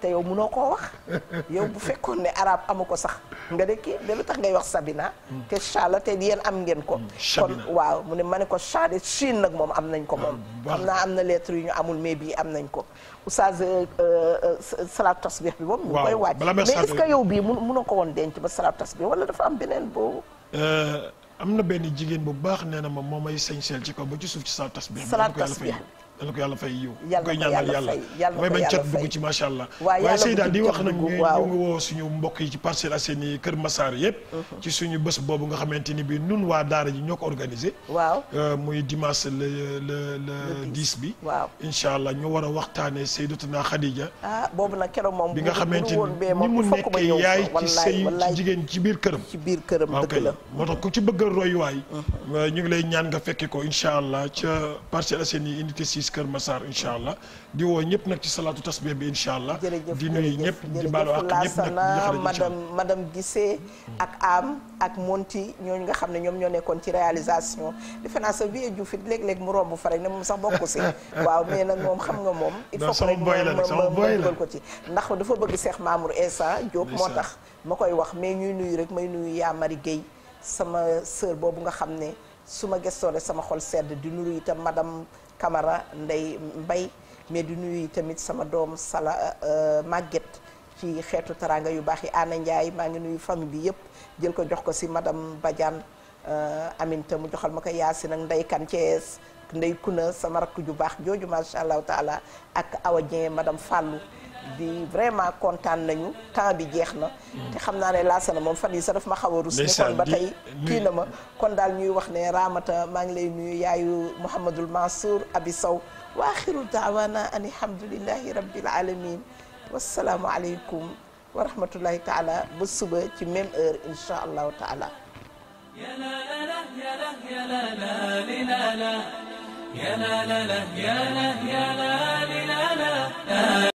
te yow munoo koo wax <laughs> yow bu fekkoon ne arab amu ko sax nga de kii de lu tax ngay wax Sabina. Mm. te cha te yéen am ngeen ko. Mm. kon waaw mu ne ma ne ko cha Chine nag moom am nañ ko moom. xam mm. naa am na lettre yu ñu amul mais bii am nañ ko. oustaz euh, euh, salaatu tasbih bi moom. mu koy waaj mais est ce que yow bii mun munoo ko woon denc ba salaatu tasbih wala dafa am beneen boobu. Euh, am na benn jigéen bu baax nee na ma moo may sañseel ci kaw ba ci suuf ci salaatu tasbih. salaatu tasbih yàlla ko yàlla fay yiw koy ñaanal yàlla yàlla bañ cat dugg ci macha allah waaye Seyda di wax ñu ngi woo suñu mbokk yi ci seen Assainies Kër Massar yëpp mhm. ci suñu bés boobu nga xamante ni bi nun waa daara ji ñoo ko organisé euh, muy dimanche la la le bi waaw incha allah ñu war a waxtaane Seydatuna Khadija ah boobu nag keroog moom bi nga xamante ni ni mu nekkee yaay ci sëy ci jigéen ci biir këram ci biir këram ah, dëgg la moo tax ku ci bëgg a roy waay mhm. euh, ñu ngi lay ñaan nga fekke ko incha allah ca Parcelles Assainies unité 10 Kër Massar incha allah di woo ñëpp nag ci salaatu tasbih bi incha allah. di nuyu ñëpp di baalu ak ñëpp nag di madame madame Guissé ak Am ak Monti ñooñu nga xam ne ñoom ñoo nekkoon ci réalisation defe naa sa vie Diouf it léeg-léeg mu romb fa rek ne moom sax bokku si waaw mais nag moom xam nga moom. il faut que rek ma ko ci ndax dafa bëgg Cheikh Mamour Insa Diop moo tax ma koy wax mais ñuy nuyu rek may nuyu yaa Marie Guèye sama sœur boobu nga xam ne su ma gëstoo rek sama xol sedd di nuyu itam madame. Camara Ndey Mbay mais di nuyu tamit sama doom Sala euh, euh, Maguette ci xeetu teraanga yu baax yi Ana Ndiaye maa ngi nuyu famille bi yëpp jël ko jox ko si madame Badiane euh, Aminta mu joxal ma ko Yaasin ak Ndey Kan Cees Ndey Kuna sama rakk ju baax jooju macha allahu taala ak Awa Dieng madame Fallou di vraiment kontaan nañu temps bi jeex na. te xam naa ne laasana moom fan yi sa daf ma xaw a rus. ne kon ba tey kii na ma. kon daal ñuy wax ne Ramata maa ngi lay nuyu yaayu Mouhamadul Mansour Abi Sow. wa axiru daawaana ani alhamdulillahi rabbil alamin wassalaamu aleykum wa taala ba suba ci même heure incha allahu taala. يا لا لا لا يا لا لا يا لا لا لا